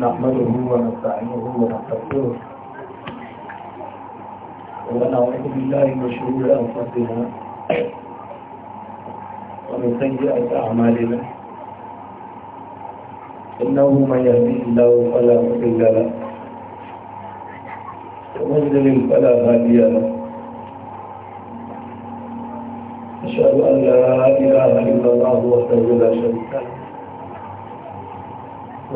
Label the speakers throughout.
Speaker 1: نحمده ونستعينه ونستغفره ونعوذ بالله من شرور انفسنا ومن سيئات اعمالنا انه من يهديه الله فلا مضل له ومن يضلل فلا هادي له اشهد ان لا اله الا الله وحده لا شريك له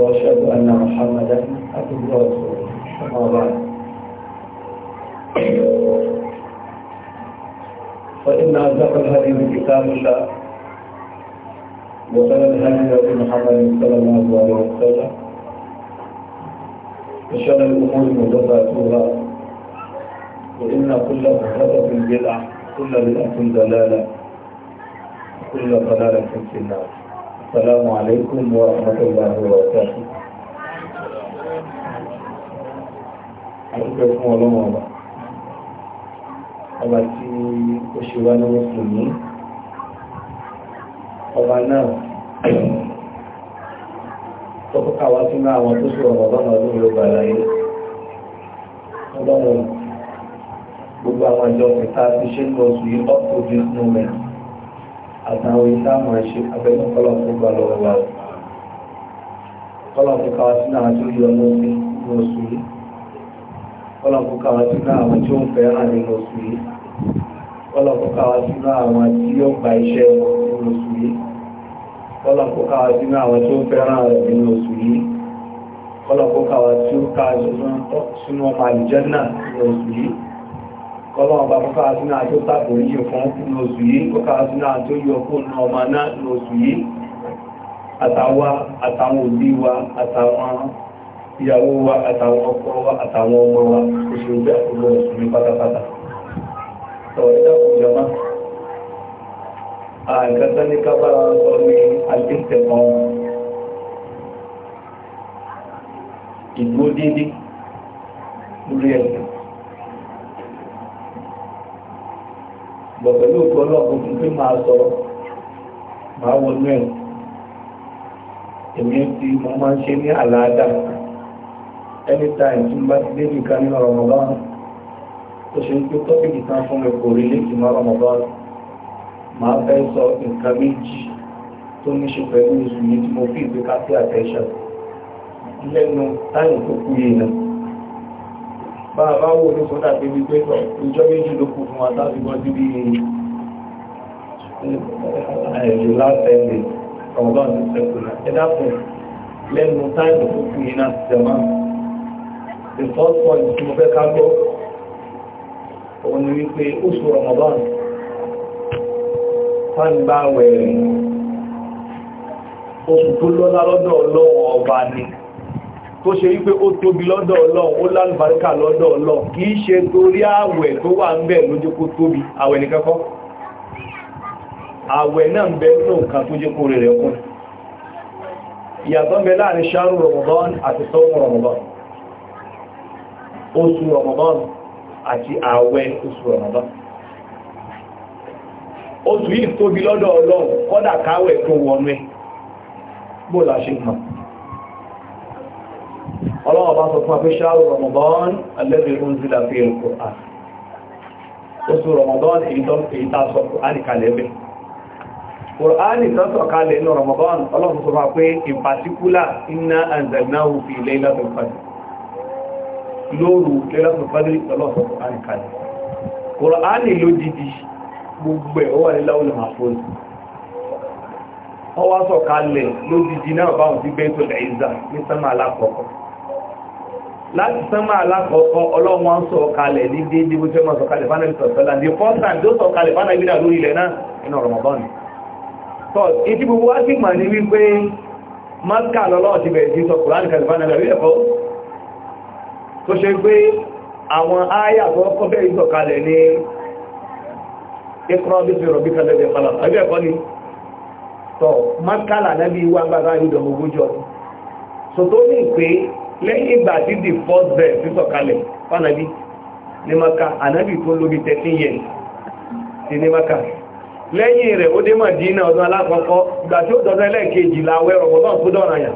Speaker 1: وأشهد أن محمدا عبده ورسوله أما بعد فإن أصدق الهدي من كتاب الله وخير الهدي هدي محمد صلى الله عليه وسلم وشر الأمور محدثاتها وإن كل محدثة بدعة كل بدعة ضلالة وكل ضلالة في النار السلام عليكم ورحمة الله وبركاته àdúgbò fún ọlọ́wọ́n ọba ọba tí ó ṣe wá lọ́wọ́ sí ní ọba náà tọ́kọ́kà wá sí náà àwọn tó ṣe ọ̀rọ̀ ọlọ́wọ́ ọdún yóò gbogbo àwọn ìjọ pẹ̀ta ti ṣe ń lọ sí up to this moment àtàwọn ìsáàmù ẹ̀ṣẹ́ abẹ́nú kọ́lọ̀ tó gbà lọ́wọ́ wa kọ́lọ̀ tó káwà sínú àwọn tó yọ lọ́sí ní oṣù yìí kọ́lọ̀ tó káwà sínú àwọn tí ó ń fẹ́ràn nínú oṣù yìí kọ́lọ̀ tó káwà sínú àwọn tí ó gba iṣẹ́ nínú oṣù yìí kọ́lọ̀ tó káwà sínú àwọn tí ó fẹ́ràn rẹ̀ nínú oṣù yìí kọ́lọ̀ tó káwà tí ó ká sínú ọmọ àlùjànnà nínú oṣù yìí kọlọ́wọ́n bá kọ́kọ́ àtúnà tó tàbí oríṣẹ́ fún lóṣù yìí kọ́kọ́ àtúnà tó yọ kó ná ọmọ náà lóṣù yìí àtàwa àtàwọn òbí wa àtàwọn ìyàwó wa àtàwọn ọkọ wa àtàwọn ọmọ wa oṣù bẹ́ẹ̀ kò lọ oṣù mi pátápátá sọ̀rọ̀ ẹ̀dá kò jọmọ́ àìkàtà ní kábàrà sọ ìgbó dídí lórí ẹ̀sìn bọ̀ pẹ̀lú òkú ọlọ́ọ̀kùn pé máa sọ máa wọ mẹ́rin èmi ti mo máa ń ṣe ní àlàáda anytime tí mo bá ti dé nìkan nínú Ramadan tó ṣe ń pé tọ́pìkì kan fún mi kò rí léèkì mọ́ Ramadan máa fẹ́ sọ nǹkan méjì tó ní ṣe bàbá wò ló kó dàbí wípé ìjọ méjì ló kù fún wa láti gbọ́ sí bí ẹ̀yìn láti ẹ̀lẹ̀ ọ̀gbọ́n ti sẹ́kùnà ẹ̀dàpọ̀ lẹ́nu táìmù tó kù yìí náà jẹ̀má the first point tí mo fẹ́ ká gbọ́ Ramadan fáńgbà wẹ̀rẹ̀ oṣù tó lọ́lá lọ́dọ̀ ọlọ́wọ́ tó ṣe wípé ó tóbi lọ́dọ̀ ọlọ́run ó lálùbáríkà lọ́dọ̀ ọlọ́run kì í ṣe torí àwẹ̀ tó wà ń bẹ ló kó tóbi àwẹ̀ nìkan àwẹ̀ náà ń bẹ nínú tó jẹ́ kó rẹ̀ rẹ̀ kún láàrin ṣáàrù Ramadan àti sọ́wọ́ Ramadan ọlọ́wọ́ bá sọ fún afẹ́ṣàrù Ramadan alẹ́bẹ̀ ń zílà fi ẹ̀kọ́ oṣù Ramadan ìtàṣọ́ alìkàlẹ́bẹ̀ Kùránì tọ́tọ̀ kalẹ̀ inú Ramadan ọlọ́run sọ fà in particular inna anzalnahu fi Laylatul Qadr lóòrù Laylatul Qadr ọlọ́sọ̀ Kùránì kalẹ̀ Kùránì lódìdí gbogbo ẹ̀ ó wà ní láwùlẹ̀ mahfuz ọwá sọ̀kalẹ̀ lódìdí náà báwọn sí Baitul Izza ní sánmà alákọ̀ọ́kọ́ láti sánmà alákọ̀ọ́kọ́ ọlọ́wọ́n sọ kalẹ̀ ní dédé bó tẹ́ mọ́ sọ kalẹ̀ fánàbí sọ̀tọ́lá the first time tó sọ kalẹ̀ fánàbí náà lórí ilẹ̀ náà iná Ramadan so ìtí gbogbo wá sí màá ní wípé maka lọ́lọ́ ti bẹ̀rẹ̀ sí sọ kùránì kalẹ̀ fánàbí àbí ẹ̀kọ́ tó ṣe pé àwọn áyà tó kọ́ bẹ́ẹ̀ sọ kalẹ̀ ní ikọ́ bí ti rọ̀bí kalẹ̀ bẹ̀ kalẹ̀ àbí ẹ̀kọ́ ni so maka lànà bí wá gbára ìdọ̀mọ̀gbójọ́ so tó ní pé lẹ́yìn ìgbà tí the first verse ti sọ̀kalẹ̀ fánàbí ní maka ànábì tó lórí 13 years ti ní maka lẹ́yìn rẹ̀ ó dé Mádínà ọdún alákọ̀ọ́kọ́ ìgbà tí ó dọ̀dọ̀ ẹlẹ́ẹ̀kejì láwẹ́ ọ̀gbọ̀n re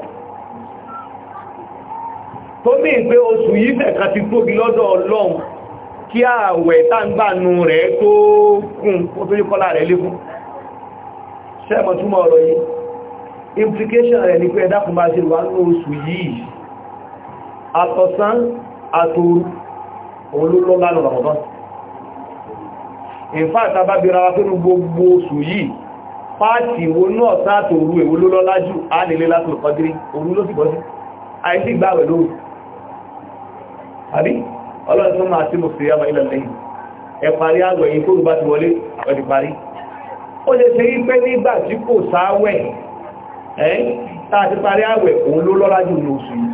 Speaker 1: túnmọ̀ ọ̀rọ̀ implication rẹ̀ pé sí àtọ̀sán àtòrú òun ló Ramadan in fact abábíra wa pínu gbogbo oṣù yìí pàtì wo náà sáàtò òru èwo ló lọ́lá jù á nílé látòrò kọdírí òru ló sì bọ́sí àìsí ìgbàwẹ̀ lóòrù àbí ọlọ́run tó máa sí mo fi yàmà ilẹ̀ lẹ́yìn ẹ parí àgbẹ̀ yìí tóòrù bá ti wọlé ọdí parí ó lè ṣe rí pé nígbà tí kò sáwẹ̀ ẹ́ tá a ti parí àwẹ̀ òun ló lọ́lá jù ní oṣù yìí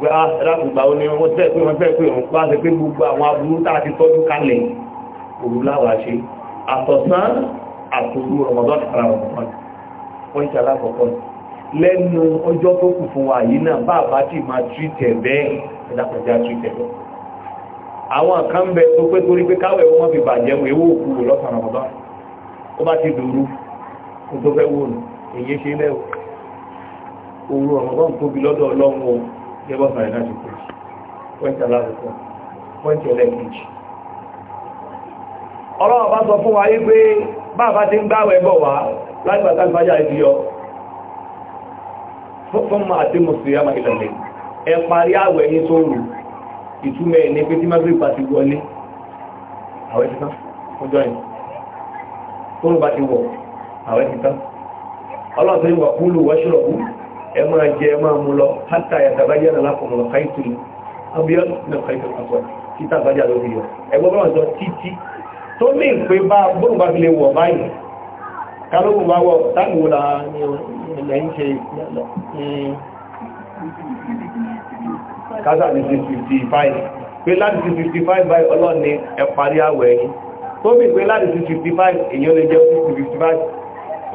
Speaker 1: pé á ẹlágbùgbà ó ní wọ́n tẹ́ pé wọ́n tẹ́ pé wọ́n pa ṣe pé gbogbo àwọn aburú tá a ti tọ́jú kalẹ̀ òru láwà ṣe àtọ̀sán àtòru ọmọdún ara ọmọdún wọ́n ń ṣàlá àkọ́kọ́ lẹ́nu ọjọ́ tó kù fún wa yìí náà bá bá ti máa tìrìtẹ̀ bẹ́ẹ̀ ẹ̀dàkọ̀já tìrìtẹ̀ bẹ́ẹ̀ àwọn kan bẹ tó pé torí pé káwẹ̀ wọ́n fi bàjẹ́ wọ́n èwò òkú lọ́sàn ọmọdún ó bá ti dòru kó tó fẹ́ wò nù èyí ṣe lẹ́wọ̀ òru ọmọdún tóbi lọ́dọ̀ ọlọ́run gẹ́gbọ́n kan láti pèsè pẹ́ntì aláàrẹ̀kọ́ pẹ́ntì ẹlẹ́kìjì ọlọ́wọ́ bá sọ fún wa yí pé bàbá ti ń gbáwẹ̀ bọ̀ wá lágbàtà ìfàyà ìdí ọ fún ma àti mùsùlùmí ìlẹ̀lẹ̀ ẹ parí àwẹ̀ ní tó rù ìtumẹ̀ ní pé tí mágbé bá ti wọlé àwẹ̀ títán ọjọ́ yìí tó rù bá ti wọ̀ àwẹ̀ títán ọlọ́wọ́ tó yí wà kúlù wọ́ṣọ́rọ̀ ẹ máa jẹ ẹ máa mú lọ hátà ìyàtàbájẹ́ náà lápọ̀mọ̀ káìtùlù abíọ́n náà káìtùlù àpọ̀ títà bájá lórí yọ ẹgbọ́n bá sọ títí tó ní ìpé bá bóun bá fi lè wọ̀ báyìí kálóhùn bá wọ̀ táàmù la ilẹ̀ ń ṣe kásà ní 55 pé láti 55 báyìí ọlọ́ni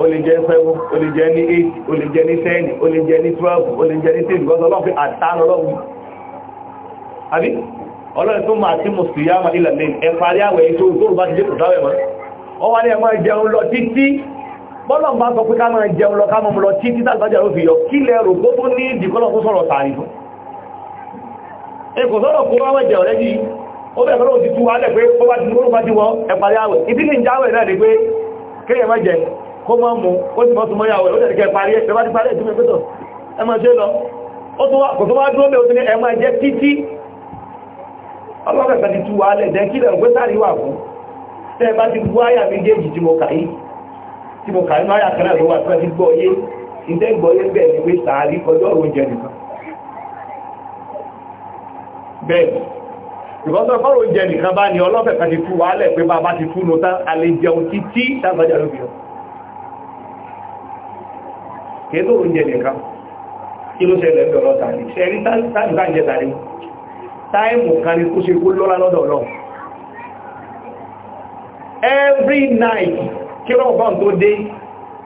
Speaker 1: ó lè jẹ́ seven ó lè jẹ́ ní eight ó lè jẹ́ ní ten ó lè jẹ́ ní twelve ó lè jẹ́ ní ten because ọlọ́run fi àtàánù ọlọ́run àbí ọlọ́run tó máa tí mo sì yá máa ilẹ̀ lẹ́yìn ẹ parí àwẹ̀ ètò òtòrò bá ti dé kò dáwẹ̀ mọ́ ọ wá ní ẹ máa jẹun lọ títí bọ́lọ̀ bá sọ pé ká máa jẹun lọ ká mọ́ lọ títí tàbí ó fi yọ kí lẹ rò kó tó ní ìdíkọ́lọ̀ tó sọ̀rọ̀ kó mọ́ mú ó sì mọ́ tún mọ́yàwó ó tẹ̀lé kẹ́ parí ẹ̀ bá ti parí ẹ̀ tí mo pẹ́tọ̀ ẹ máa ṣe lọ ó tún wá kò tó wá dúró bẹ́ẹ̀ ó tún ní ẹ máa jẹ́ títí ọlọ́pẹ̀ẹ́ ti tú wa lẹ̀ jẹ́ kílẹ̀ ògbé sáàrí wà fún tẹ́ bá ti gbọ́ àyà méjèèjì tí mo kàí tí mo kàí máa yàtọ̀lá ló wà tí wọ́n ti gbọ́ yé ìdẹ́ gbọ́ yé bẹ́ẹ̀ ni wé sáàrí kọjọ́ oúnjẹ nìkan bẹ́ẹ̀ ìgbọ́sọ̀ fọ́rọ̀ oúnjẹ nìkan bá ní ọlọ́pẹ̀ẹ́ ti tú wa lẹ̀ pé bá ti tú lọ alẹ́ jẹun títí tábàjá lóbi kéèkó oúnjẹ nìkan kí ló ṣẹlẹ̀ ẹgbẹ̀ ọ̀rọ̀ tàbí ṣe rí táìmù ká ń jẹ tàbí táìmù kan ní kó ṣe kó lọ́lá lọ́dọ̀ every night kí lọ́wọ́ bá ń tó dé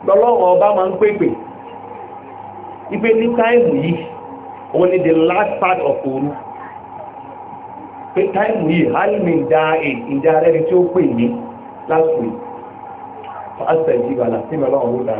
Speaker 1: lọ́lọ́wọ́ ọba máa ń pèpè ipé ní táìmù yìí òun ni the last part of òru pé táìmù yìí hálìmì dá ìdá rẹ̀ tí ó pè ní last week for aspect ìgbàlá sí mẹ́lọ́wọ́ ló dáa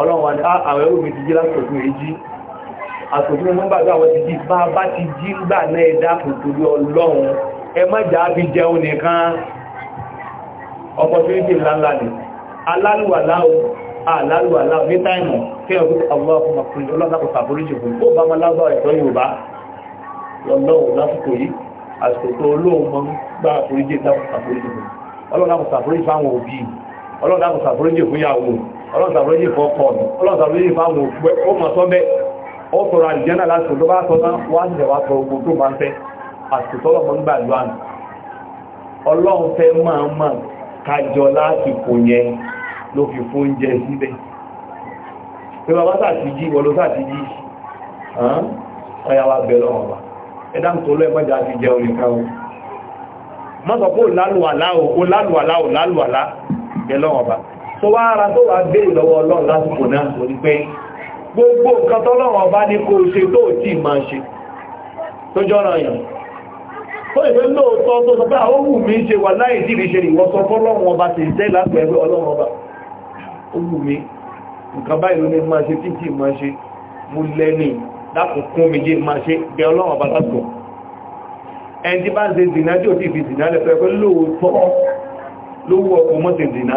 Speaker 1: ọlọ́run wa ní ah, àwẹ̀ omi ti jí lásìkò èjì àsìkò mọ́ gbàgbà àwọn ti jí bá bá ti jí gbà náà ẹ̀dá kò torí ọlọ́run ẹ mọ́jà fi jẹun nìkan opportunity ńláńlá ni alálùwàláwò alálùwàláwò ní táìmù kí ọdún àwọn ọkùnrin ọlọ́lápọ̀ sàbóríjì fún kó bá mọ́lábà ẹ̀tọ́ Yorùbá lọ́lọ́wọ́ lásìkò yìí àsìkò tó olóòun mọ́ gbá àforíjì lápọ̀ sàbóríjì fún ọlọ́lápọ̀ sàbóríjì fún àwọn òbí ọlọ́lápọ̀ sàbóríjì fún yàwó ọlọ́sàrọ́yì fọ́kọ́ mi ọlọ́sàrọ́yì fáwọn òpẹ́ ó mọ̀ sọ́bẹ́ ó tọrọ àdìjẹ́nà láti tó bá sọ́nà wá ní ẹ̀wà tọrọ ogun tó máa ń fẹ́ àti tọ́lọ́mọ́ ń gbà lọ àmì ọlọ́run fẹ́ máa mọ̀ kájọ láti kò yẹn ló fi fún oúnjẹ síbẹ̀ pé bàbá sàti jí wọ́n ló sàti jí ọyàwó abẹ lọ́wọ́ bá ẹ̀dá ń tó lọ́ ẹgbẹ́jà ti jẹ orin kan o mọ́sọ̀ pé ò lálùwàlá ò lálùwàlá ò lálùwàlá tó wá ara tó wà béèrè lọ́wọ́ ọlọ́run lásìkò náà kò ní pé gbogbo nǹkan tọ́lọ́run ọba ní kó ṣe tó tí máa ṣe tó jọ́rọ̀ yàn tó ìwé lóòótọ́ tó sọ pé àwọn wù mí ṣe wà láì tí ìrìṣe ìwọ́sọ fọ́lọ́run ọba ti jẹ́ lápẹ̀ẹ́rẹ́ ọlọ́run ọba ó wù mí nǹkan báyìí ló ní máa ṣe títí máa ṣe mú lẹ́ni lákòókún mi jẹ́ máa ṣe bẹ ọlọ́run ọba lásìkò ẹni tí bá ń ṣe zìnà tí ò tí ì fi zìnà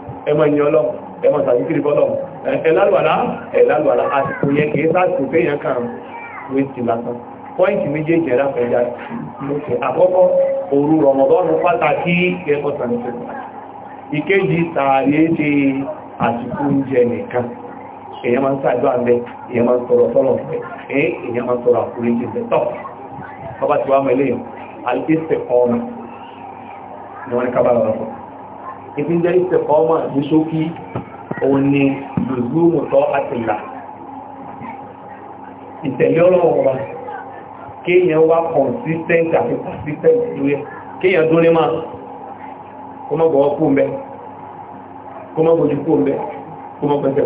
Speaker 1: ẹmọ ìyìn ọlọ́run ẹmọ sàdíkìrì bọ́lọ́run ẹ̀lálùwàlá ẹ̀lálùwàlá àsìkò yẹ kìí sáàsìkò péyàn kan wéjì lásán pọ́ìntì méjèèjì ẹ̀dá fẹ́jà lókè àkọ́kọ́ òru rọmọdọ́nù pàtàkì ẹ̀kọ́ sàníṣẹ́ ìkejì tààrí ṣe àsìkò oúnjẹ nìkan èèyàn máa ń sàdúrà ń bẹ èèyàn máa ń sọ̀rọ̀ sọ́rọ̀ ń bẹ èèyàn máa ń sọ̀rọ̀ àforíjì ń bẹ tọ́ ọba tí wàá mọ eléyàn àlùkí ṣe kọ́ ọmọ ni wọ́n ní kábàlà ọ̀rọ̀ ìpínlẹ̀ ìsẹ̀kọ́mọ̀ ní ṣókí òun ni lùzúmùtọ́ àtìlà ìtẹ̀lé ọlọ́run ọba kéèyàn wá consistent àti consistent lórí kéèyàn dúnlé máa kó mọ́ bọ̀wọ́ kú mẹ́ kó mọ́ bojú kú mẹ́ kó mọ́ mbe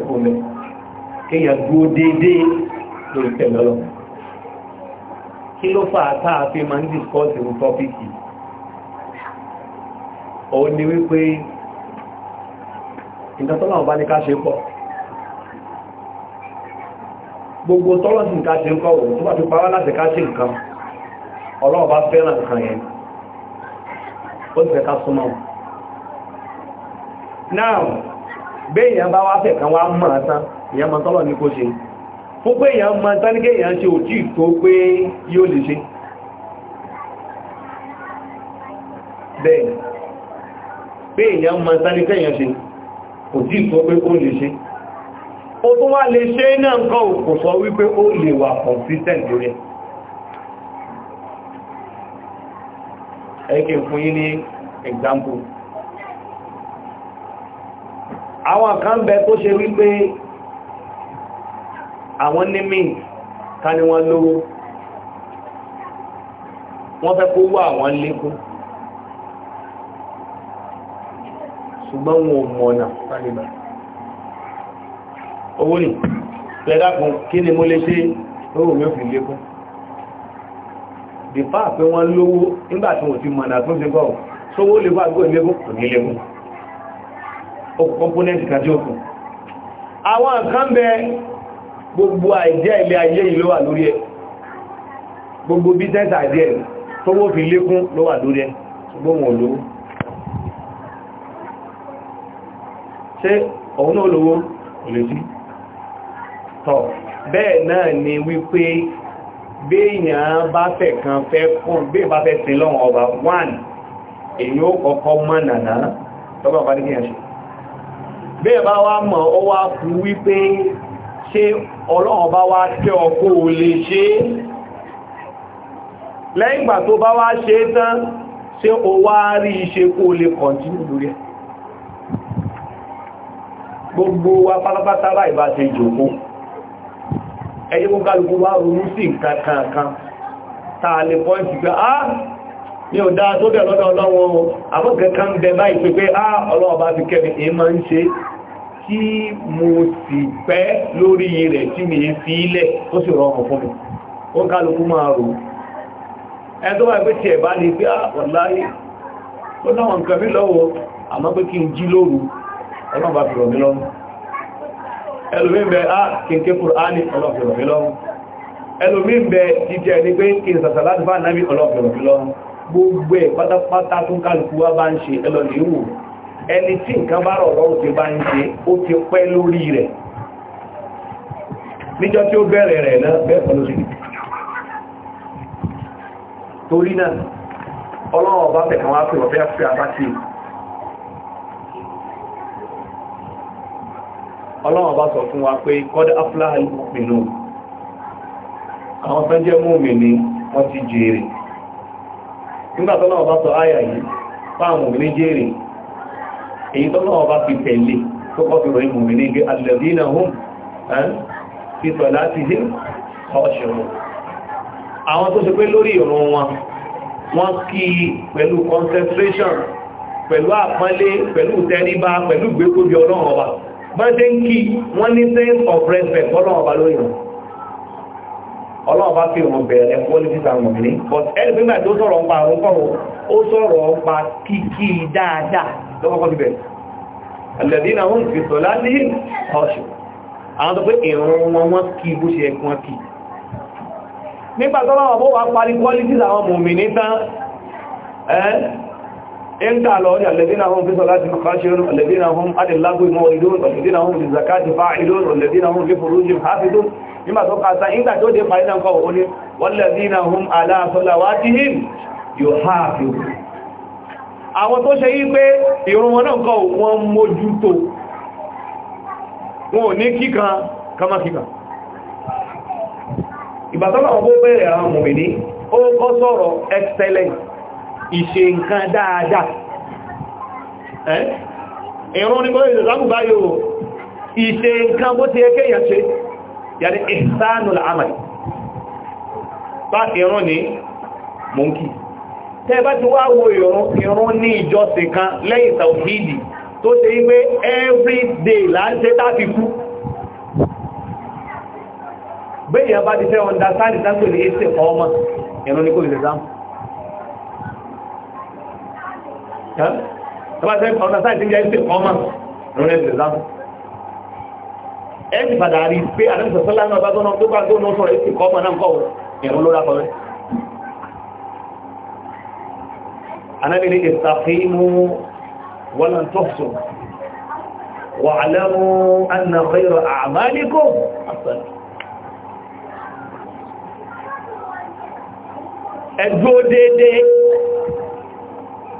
Speaker 1: kí ló fà fi máa ń discuss nǹkan tọ́lọ̀ bá ní ṣe pọ̀ gbogbo tọ́lọ̀ sí ṣe òun tó bá ti láti nǹkan fẹ́ràn nǹkan yẹn ó ti fẹ́ súnmọ́ náà bí bá wá kan wá tán ní ṣe fún pé èèyàn mọ̀ ní pé yóò lè kò tí sọ pé ó lè ṣe ó tó wá lè ṣe náà nǹkan ò kò sọ wípé ó lè wà consistent lórí ẹ kí n fún yín ní example àwọn kan bẹ tó ṣe wípé àwọn ní mí ká ní wọ́n lówó wọ́n fẹ́ kó wá àwọn lékún ṣùgbọ́n wọn ò mọ̀nà pálíbà owó nì pẹ̀lá fún kí ni mo lè ṣe lówó mi ò fi lékún dìpá pé wọ́n lówó nígbà tí wọ́n ti mọ̀nà tó ti gọ́ọ̀ sówó lè wà gbọ́ ìlégún kò ní légún ó kọ́mpónẹ́ntì kan tí ó kùn àwọn kan bẹ gbogbo àìjẹ́ ilé ayé yìí ló wà lórí ẹ gbogbo business idea tówó fi lékún ló wà lórí ẹ ṣùgbọ́n wọn ṣe òun náà lówó lèsí tọ̀ bẹ́ẹ̀ náà ni wípé béèyàn bá fẹ́ kan fẹ́ kún béèyàn bá fẹ́ sin lọ́wọ́ ọba 1 èyí ó kọ́kọ́ mọ́ nànà tọ́gbà bá díkìyàn ṣe béèyàn bá wá mọ̀ ó wá kú wípé ṣé ọlọ́wọ́ bá wá tẹ́ ọkọ́ ò lè ṣe lẹ́yìn ìgbà tó bá wá gbogbo wa pátápátá láì bá ṣe ìjòkó ẹjẹ́ kó kálùkú wá ronú sí nǹkan kankan táà lè pọ́ǹtì pé á ní ò dáa tó bẹ̀ lọ́dọ̀ ọlọ́wọ́n àbọ́kẹ́kan bẹ báyìí pé pé á ọlọ́wọ́ bá fi kẹ́mi èé máa ń ṣe tí mo sì pẹ́ lórí rẹ̀ tí mi fi ilẹ̀ tó sì rọrùn fún mi ó kálùkú máa rò ẹni àmọ́ pé kí n jí lóru ẹ̀rọ bá fi rọ̀mí lọ́wọ́
Speaker 2: ẹlòmí bẹ á ah,
Speaker 1: kìnké kùránì ọlọ́fi rọ̀mí lọ́wọ́ ẹlòmí bẹ jíjẹ ní pé kí n sàtà láti bá náàbí ọlọ́fi rọ̀mí lọ́wọ́ gbogbo ẹ̀ pátápátá tún kálukú wá bá ń ṣe ẹlọ́lẹ̀ ìwò ẹni tí nǹkan bá rọ̀ lọ́rùn ti bá ń ṣe ó ti pẹ́ lórí rẹ̀ níjọ́ tí ó bẹ̀rẹ̀ rẹ̀ náà bẹ́ẹ̀ pẹ̀lú sí torí náà ọlọ́run ọba fẹ̀ kan wá pè wọ́n fẹ́ fẹ́ àbá sí ọlọ́run bá sọ fún wa pé kọ́dá afláhàlì mìnú àwọn tó jẹ́ múmi ni wọ́n ti jèrè nígbàtọ́lọ́wọ́ bá sọ áyà yìí fáàmù ní jèrè èyí tọ́lọ́wọ́ bá fi tẹ̀lé tó kọ́ fi ròyìn múmi ní alẹ́bínà hùn fi sọ láti hí ọ̀ṣẹ̀rọ̀ àwọn tó ṣe pé lórí ìrun wọn wọ́n kí pẹ̀lú concentration pẹ̀lú àpọ́nlé pẹ̀lú tẹríba ọlọ́run ọba bọ́ndé ń kí wọ́n ní sense of respect ọlọ́ọ̀bá lórí wọn ọlọ́ọ̀bá fi wọn bẹ̀rẹ̀ qualities àwọn òmìnir but ẹni pé gbà tó sọ̀rọ̀ ń pa àwọn kọ́rọ̀ ó sọ̀rọ̀ ń pa kíkí dáadáa lọ́kọ́kọ́ ti bẹ̀rẹ̀ alladhina hum fi salatihim khashi'un àwọn tó pé ìrún wọn wọ́n kí bó ṣe ẹkùn kí nígbà tọ́lọ́wọ́ bó wà إن تعالوا الذين هم في صلاة خاشعون الذين هم عن الله موعدون والذين هم للزكاة فاعلون والذين هم لفروجهم حافظون لما توقع سعيدا تودي قائدا قولي والذين هم على صلواتهم يحافظون àwọn tó ṣe yí pé ìrun wọn náà kọ́ wọn mójútó wọn ò ní kíkan kama kíkan ìbàtọ́lọ̀ ọgbó bẹ̀rẹ̀ àwọn mòmìnì ó kọ́ sọ̀rọ̀ excellence ìṣe nǹkan dáadáa ẹ̀rọ ní kọ́lẹ̀ ìsìlámù bá yóò ìṣe nǹkan bó ti ẹkẹ́ yà ṣe yàrí ìsánù l'ámàlì bá ìrún ní mọ́ǹkì tẹ́ bá ti wá wo ìrún ní ìjọsìn kan lẹ́yìn tàwídì tó ṣe wípé everyday láńṣẹ́ tàbí kú gbéyàn bá ti fẹ́ understand ìsánkò ní ẹsẹ̀ ọmọ ìrún ní kọ́lẹ̀ ìsìlámù ẹgbẹ́ ọ̀nà sáì tí ń jẹ́ ìsìn ọmọ rẹ̀ ẹ̀sìnlámù ẹ̀sì padà rí pé àdẹ́sọ̀sọ́lá náà bá gọ́nà tó bá gọ́nà sọ̀rọ̀ ìsìn kọ́mọ náà kọ́ ẹ̀rùn ló rákọ̀ rẹ̀ anábìnrin ìsàfihìmú wọ́nà tọ́sùn wà alẹ́mú anna khayra àmàlíkò ẹgbẹ́ déédéé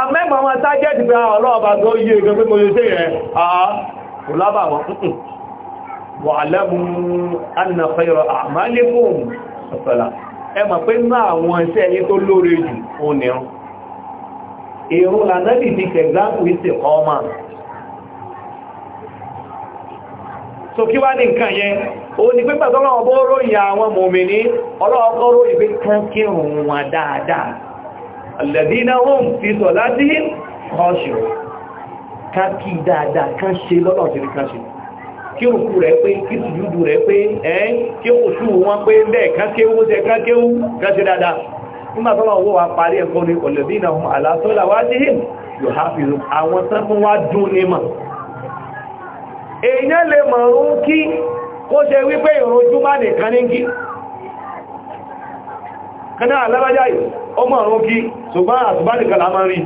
Speaker 1: àmẹ́gbọ̀n wọn tájẹ́tì pé ah, ọlọ́ọ̀bà tó yí ẹgbẹ́ pé mo lè tẹ́ rẹ̀ àá kò lábà wọn wà lẹ́mú annàfẹ́rọ àmàlẹ́kùn ọ̀sọ̀lá ẹ mọ̀ pé ní àwọn iṣẹ́ yí tó lóore jù ó nìyàn èrò lànàbì ti kẹgbàmù ìsẹ̀ ọmọ so kí wá ní nǹkan yẹn ó ní pípẹ̀ tọ́lọ́wọ́ bó ròyìn àwọn mòmìnir ọlọ́ọ̀kọ́ ròyìn pé kán kírùn alladhina hum fi salatihim khashi'un ká kí dáadáa kán ṣe lọ́nà òjìrí kán ṣe kí òkú rẹ̀ pé kí sùjúdù rẹ̀ pé ẹ́ kí òṣù wọn pé bẹ́ẹ̀ kán kéwú jẹ kán dáadáa nígbà tọ́lá kaná alábájáì ọmọ àrùn kí ṣùgbọ́n àtùbá nìkan la máa rí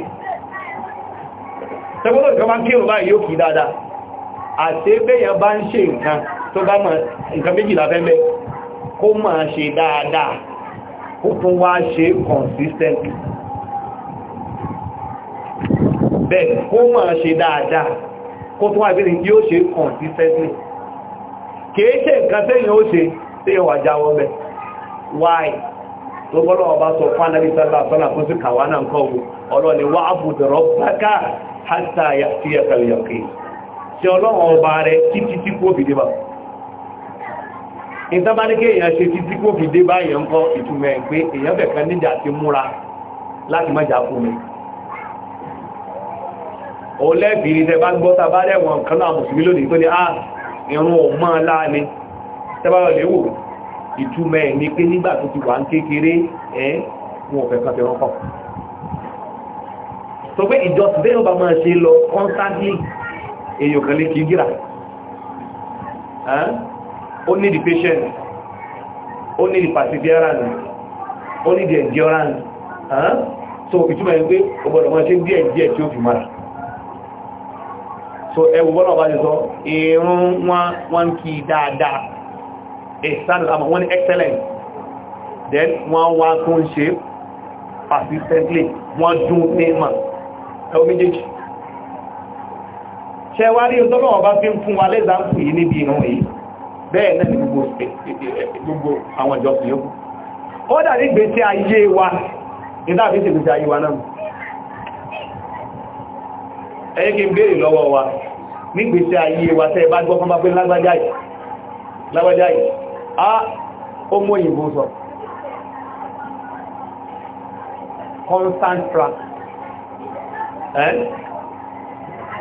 Speaker 1: tẹgbọ́n nǹkan bá kí ìrùbá yóò kí dáadáa àti bẹ́yàn bá ń ṣe nǹkan tó bá mọ̀ nǹkan méjìlá fẹ́mẹ́ kó máa ṣe dáadáa consistently bẹ́ẹ̀ kó máa ṣe dáadáa kó tún wá ìbílẹ̀ yóò ṣe consistently kìí ṣe nǹkan tẹ́yìn ó ṣe tẹ́yìn why tó bọ́lọ̀ ọba sọ fún anábìsálà sọ́nà fún sí kàwá náà nǹkan ọ̀gbọ̀n ọlọ́ni wà ábùdọ̀rọ̀ bákà hátà sí ẹ̀kàlẹ̀yọ̀kì tí ọlọ́run ọba rẹ̀ títí tí kó fi débà ìtàbáníkẹ́ èèyàn ṣe títí kó fi débà èèyàn kọ́ ìtumẹ̀ pé èèyàn bẹ̀kan níjà ti múra láti má jà fún mi olẹ́bìnrin tẹ bá gbọ́ta bá rẹ̀wọ̀n kan náà mùsùlùmí lónìí tó ní à ah, ìrún òmọ́ láàrin tẹ́bá lọ léwò ìtumọ̀ ẹ̀ ní pé nígbà tó ti wà ń kékeré ẹ́ wọn fẹ́ kan fẹ́ràn kọ̀ sọ pé ìjọsìn bẹ́ẹ̀ bá máa ṣe lọ constantly èèyàn kan lè kí gíra ó ní the patient, ó ní the perseverance ó ní the endurance so ìtumọ̀ ẹ̀ pé ọgbọ̀dọ̀ máa ṣe díẹ̀ díẹ̀ tí ó fi mara so ẹwù bọ́lá ọba ti sọ ìrún wọn kí dáadáa ìsànù àmà wọ́n ní excellent then wọ́n wá tó ń ṣe persistently wọ́n dún ní ìmà ẹwọ méjèèjì ṣe wá rí ọjọ́ wọn bá fi ń fún wa lẹ́zàmù yìí níbi ìran yìí bẹ́ẹ̀ náà ni gbogbo eh, eh, eh, àwọn ìjọsìn yóò ó dàbí gbèsè ayé wa ìdábí sí gbèsè ayé wa náà ẹ̀yẹ́ kí n béèrè lọ́wọ́ wa nígbèsè ayé wa tẹ́ bá gbọ́ fún bá pé lágbájá yìí a ọmọ òyìnbó sọ constant track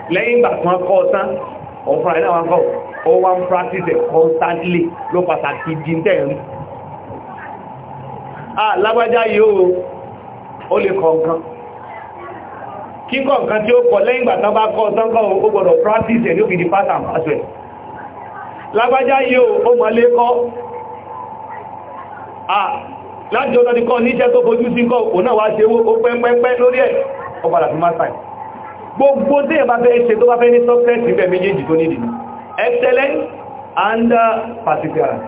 Speaker 1: lẹ́yìn ìgbà kan kọ́ ọ̀sán ọ̀fún àìdá wọn kọ́ ó wá ń practice it constantly ló pàtàkì jíntẹ̀ rí a lágbájá yóò ó lè kọ nǹkan kíkọ̀ nǹkan tí ó kọ lẹ́yìn ìgbà tán bá kọ́ ọ̀sán kọ́ ó gbọ́dọ̀ practice it ní òfin di pattern pàṣẹ lágbájá yóò ó mọ́ lé kọ́ Ah, láti ọ̀nà nìkan níṣẹ́ tó fojú sí kọ́ òun náà wá ṣe owó pẹ́pẹ́pẹ́ lórí ẹ̀ ọpadà fi máa sáì gbogbo tí ẹ bá fẹ́ ṣe tó bá fẹ́ ní success níbẹ̀ méjèèjì tó nídìí excellence and uh, perseverance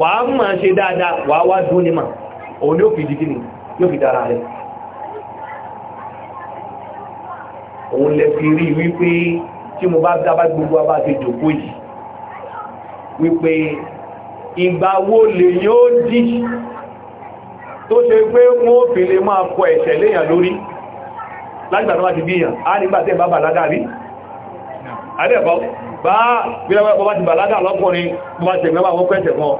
Speaker 1: wà á máa ṣe dáadáa wà á wá dún ní mà òun ni ó fi dìkì ní yóò fi dára rẹ̀ òun lẹ fi rí wípé tí mo bá dábá gbogbo abá ti jòkó yìí wípé ìgbà wo lè yóò dí tó ṣe pé wọ́n fi lè máa kọ ẹ̀ṣẹ̀ léyàn lórí lágbà tó bá ti bíyàn á nígbà tẹ́ bá bàlágà rí adẹ́bọ̀ bá gbílẹ̀wẹ́ bọ́bá ti bàlágà lọ́kùnrin bọ́bá ti mẹ́wàá wọ́n kẹ́ẹ̀ṣẹ̀ fún ọ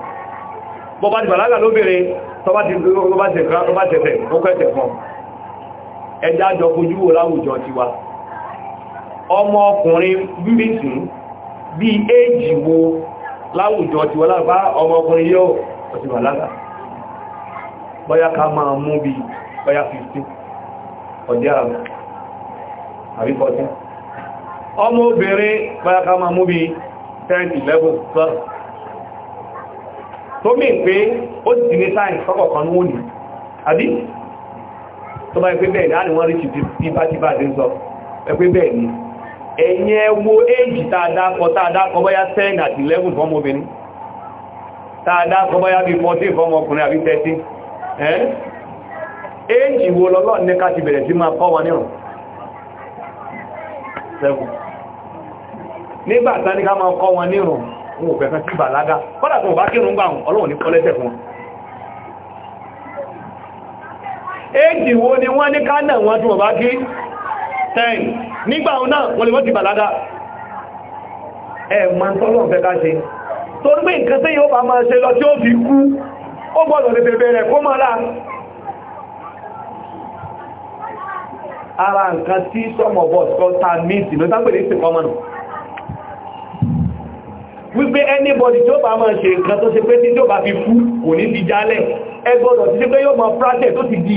Speaker 1: bọ́bá ti bàlágà lóbìnrin tọ́bá ti kẹ́ẹ̀ṣẹ̀ fún ọ ẹjá jọ fojú wò láwùjọ tiwa ọmọ ọkùnrin bíbí sí bí éèjì wo láwùjọ tí wọ́n lábá ọmọkùnrin yóò ọ̀tí bàlágà bọ́yá ká máa mú bí bọ́yá 15 ọdí àrùn àbí 14 ọmọ obìnrin bọ́yá ká máa mú bí 10 11 12 tó mìí pé ó sì ní sáìn kọ́kọ̀kan ní òní àbí tó bá ẹgbẹ́ ẹgbẹ́ bẹ́ẹ̀ ni ẹ̀yìn ẹwọ èjì tààdákọ̀ tààdákọ̀ bọ́yá 10 àti 11 fọ́mọbìnrin tààdákọ̀ bọ́yá bí 14 fọ́mọkùnrin àbí 13 èjì eh? wo lọ́lọ́ ní ká ti bẹ̀rẹ̀ sí máa kọ́ wọn nírùn nígbàtá ní ká máa kọ́ wọn nírùn wọn ò pẹ̀kan sí bàlágà ten nígbà òun náà wọ́n lè wọ́n ti bàlágà ẹ̀ máa tọ́lọ̀ fẹ́ ká ṣe torí pé nǹkan tí yóò bá máa ṣe lọ tí ó fi kú ó gbọ́dọ̀ lè bèbè rẹ̀ kó mọ́ ara nǹkan tí some of us call time meeting ló sápẹ̀lẹ̀ ìsìn kọmọ̀ nù wípé anybody tí ó bá máa ṣe nǹkan tó ṣe pé tí ó bá fi kú kò ní ti jálẹ̀ ẹ gbọ́dọ̀ ti ṣe pé yóò máa practice tó ti di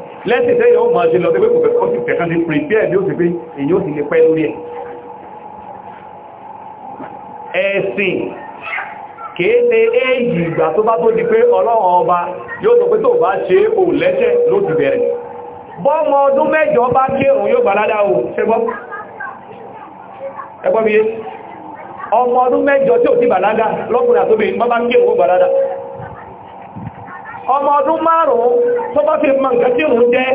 Speaker 1: lẹ́sìn tẹ́yìn ó máa ṣe lọ kò fẹ́ sí tẹ̀kan ní prepare ní ó èyí ó sì lè pẹ́ lórí ẹ̀ ẹ̀sìn kéèlé èyí ìgbà tó bá tó di pé ọlọ́run ọba yóò tó pé tó bá ṣe ò lẹ́ṣẹ̀ ló ti bẹ̀rẹ̀ bọ́mọ ọdún mẹ́jọ bá ké òun yóò gbà ládá o ṣẹgbọ́ ẹgbọ́ mi yé ọmọ ọdún mẹ́jọ tí ò ti lọ́kùnrin ọmọ ọdún márùn-ún tó bá fi mọ̀ nǹkan tí òun jẹ́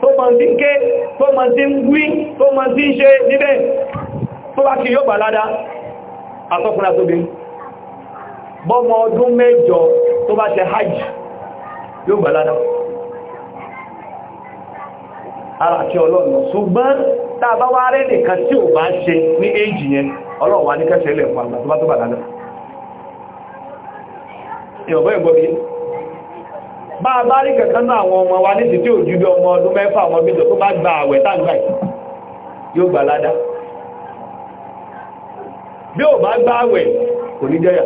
Speaker 1: tó mọ̀ sí ń ké tó mọ̀ sí ń wí tó mọ̀ sí ń níbẹ̀ tó bá kí yóò bà ládá àtọ́kùnrin ọdún mẹ́jọ tó bá ṣe hajj ara kí ọlọ́nà ṣùgbọ́n wá rẹ̀ nìkan tí ò bá ṣe ní yẹn ọlọ́wà bá a bá rí kẹ̀kẹ́ náà àwọn ọmọ wa níti tí ò jú bí ọmọ ọdún mẹ́fà ọmọ méjọ tó bá gba àwẹ̀ táǹgbà yóò gbà ládá bí ò bá gba àwẹ̀ kò ní jẹ́yà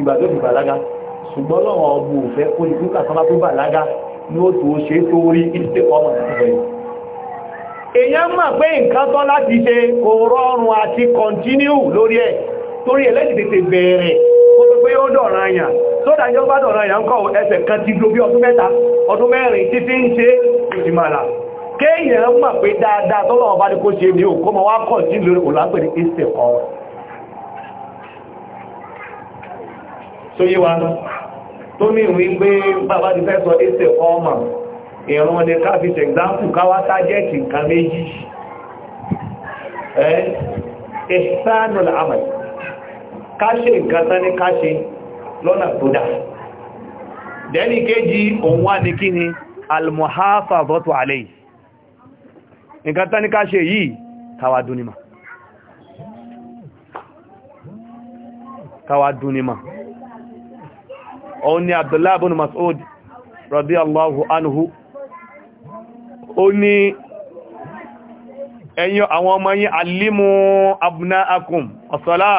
Speaker 1: ìgbà tó fi bàlágá ṣùgbọ́n lọ́wọ́ ọgbù òfẹ́ kó ní kúkà kan bá tó bàlágá ní ó tó ṣe tó rí ìsìté ọmọ èèyàn mọ̀ pé nǹkan tán láti ṣe kò rọrùn àti kọntínú lórí ẹ̀ torí ẹlẹ́dìdì tètè bẹ̀rẹ̀ ó pẹ́ pé ó dọ̀ranyàn sódà yóò bá dọ̀rọ̀ ìyàn kọ́ ẹsẹ̀ kan ti gbogbo ọdún mẹ́ta ọdún mẹ́rin títí ń ṣe ìdìmọ̀lá kéèyàn mọ̀ pé dáadáa tọ́lọ̀ ọba ní kó ṣe ní òkú wá kọ̀ sí lórí òlápẹ̀ ìsẹ̀ ọ̀rọ̀ lọ́nà tó dá dẹ́ni kéjì òun wá ní kí ni almuhafazatu alayhi nǹkan tán ní ká ṣe yìí káwà dúnimà káwà dúnimà
Speaker 2: òun ni Abdullah
Speaker 1: ibn Mas'ud radiyallahu anhu ó ní ẹ̀yin àwọn ọmọ yín alimu abnaakum as-salah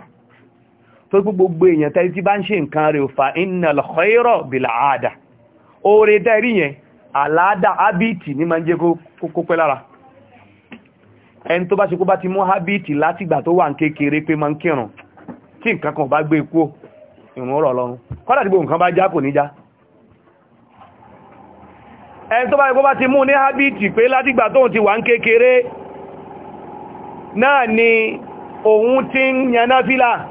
Speaker 1: tó gbogbo èèyàn tẹ́lẹ̀ tí bá ń ṣe nǹkan rẹ̀ fa innal khayra bil àádà oore dẹ́rí yẹn àláàdà hábìtì ní máa ń jẹ́ kó pẹ́ lára ẹni tó bá ṣe kó bá ti mú hábìtì látìgbà tó wà ń kékeré pé máa ń kírun tí nǹkan kan bá gbé kú ìrùn ọ̀rọ̀ ọlọ́run kọ́dà tí nǹkan bá já kò ní ẹni tó bá ṣe kó bá ti mú ní hábìtì pé látìgbà tóun ti wà ń kékeré náà ni òun ti ń yanáfílà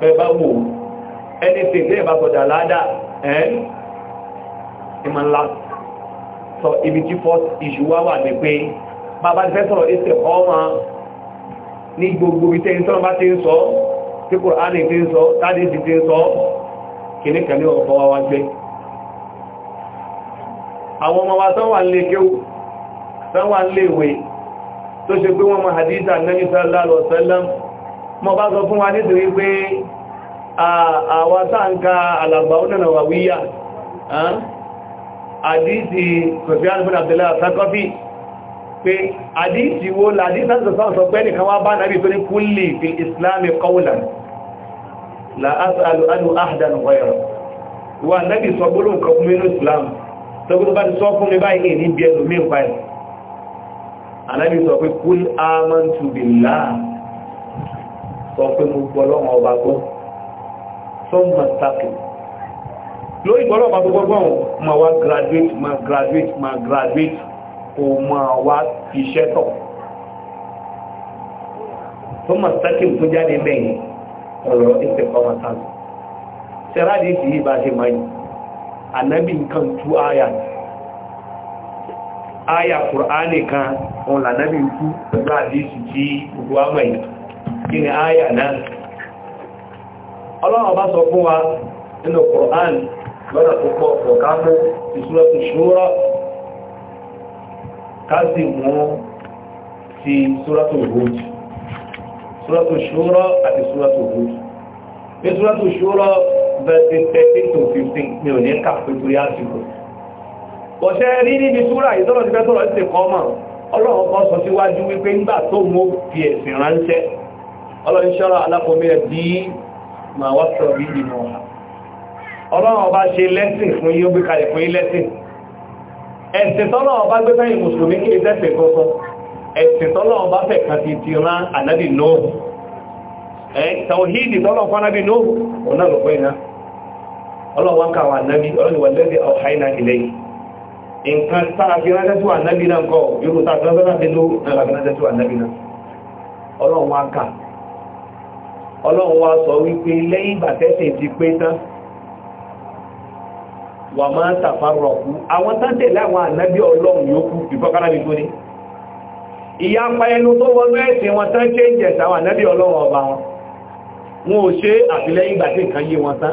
Speaker 1: bẹ́ẹ̀bá wò ẹni tí ìgbé ìbá sọ̀dà ládàá ẹ́ ìmọ̀ ńlá sọ ibi tí first issue wá wà ní pé bàbá ti fẹ́ sọ̀rọ̀ ìsẹ̀ ọmọ ní gbogbo ìtẹ́ ìsọ́nà bá ti ń sọ wa wá gbé àwọn ọmọ wa tán wà nílé kéwù tán wà nílé sallallahu alaihi mo bá sọ fún wa nítorí pé àwọn sáǹkà alàgbà onínà wà wíyà àdíìsì Sufyan bin Abdullah sákọ́bí pé àdíìsì wo làdíìsì sọ pé nìkan wá bá nàbí tó fil islami qawlan la as'alu anhu ahadan ghayra wà nàbí sọ gbólóhùn kan fún islam tọ́gbọ́n bá ti sọ fún mi báyìí ní bí ẹlòmí ń pa ẹ̀ anábì sọ pé kúl ámántù billah sọ pé mo gbọ́ lọ́wọ́ ọba gbọ́ sọ́mọ̀ tàkì lórí gbọ́ lọ́wọ́ ọba gbọ́ ma wá graduate ma graduate ma graduate o ma wá iṣẹ́ tọ̀ sọ́mọ̀ tàkì tó jáde mẹ́yìn ọ̀rọ̀ ìpè kọ́mọ̀ tàkì sẹ́ráàdì ti yí bá ṣe máa yìí ànábì nǹkan tú áyà áyà kùránì kan òun lànábì ń tú pẹ̀lú àdíṣì tí gbogbo àmọ̀ yìí kí ni áyà náà ọlọ́run bá sọ fún wa nínú Qur'an lọ́nà tó pọ̀ ọ̀káfẹ́ ìṣúrọ́tù ṣúrọ́ káàsì mú ti ṣúrọ́tù Hud ṣúrọ́tù ṣúrọ́ àti ṣúrọ́tù Hud ní ṣúrọ́tù ṣúrọ́ verse 13 to 15 mi ò ní kà pé torí àsìkò bọ̀ṣẹ́ rí níbi ṣúra ìtọ́lọ̀ ti fẹ́ tọ́lọ̀ ti kọ́ mọ̀ ọlọ́run kan sọ síwájú wípé nígbà tó mú fi ẹ̀sìn ránṣẹ́ ọlọ́run ṣọ́ra alákòóbẹ̀rẹ̀ dí ma wá sọ̀rọ̀ bí ọ̀hà ọba ṣe lẹ́sìn fún yíó gbé kalẹ̀ fún yí lẹ́sìn ẹ̀sìn tọ́lọ́ ọba gbé fẹ́yìn mùsùlùmí kí ìtẹ́sẹ̀ kọ́kọ́ ẹ̀sìn tọ́lọ́ ọba fẹ́ kan ti ti rán ànábì nóòhù ọlọ́run wá ọlọ́run wa sọ wípé lẹ́yìn ìgbà tẹ́sẹ̀ ti pé tán wà máa tàfàrọ̀kú àwọn tàntẹ̀lé àwọn ànábí ọlọ́run yòókù ìfọ́kára bí tó ní ìyá apayẹnu tó wọ́n mẹ́ẹ̀sìn wọn tán ṣe ń jẹ̀sà àwọn ànábí ọlọ́run ọba wọn wọn ò ṣe àfilẹ́yìn ìgbà tí nǹkan yé wọn tán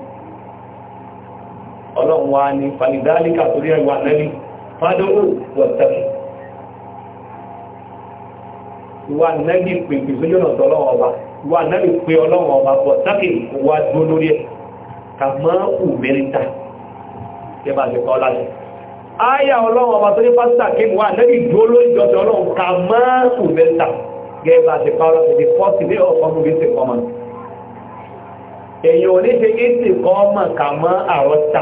Speaker 1: ọlọ́run wa ni fàlìdálíkà torí ẹ̀wà nẹ́lí fádọ́wò wọ̀tẹ́kì ìwà nẹ́bí pèpè sójú ọ̀nà tọ́lọ́wọ́ ọba ìwà nẹ́bí pé ọlọ́wọ́ ọba pọ̀ sákì wà dúró lórí ẹ̀ kà mọ́ òmìnirita tí bá ti kọ́ láti ayà ọlọ́wọ́ ọba tó ní pásítà kí di fọ́sì ní ọ̀pọ̀ mú bí ti kọ́ mọ́ èèyàn ò ní kà mọ́ àrọ́ta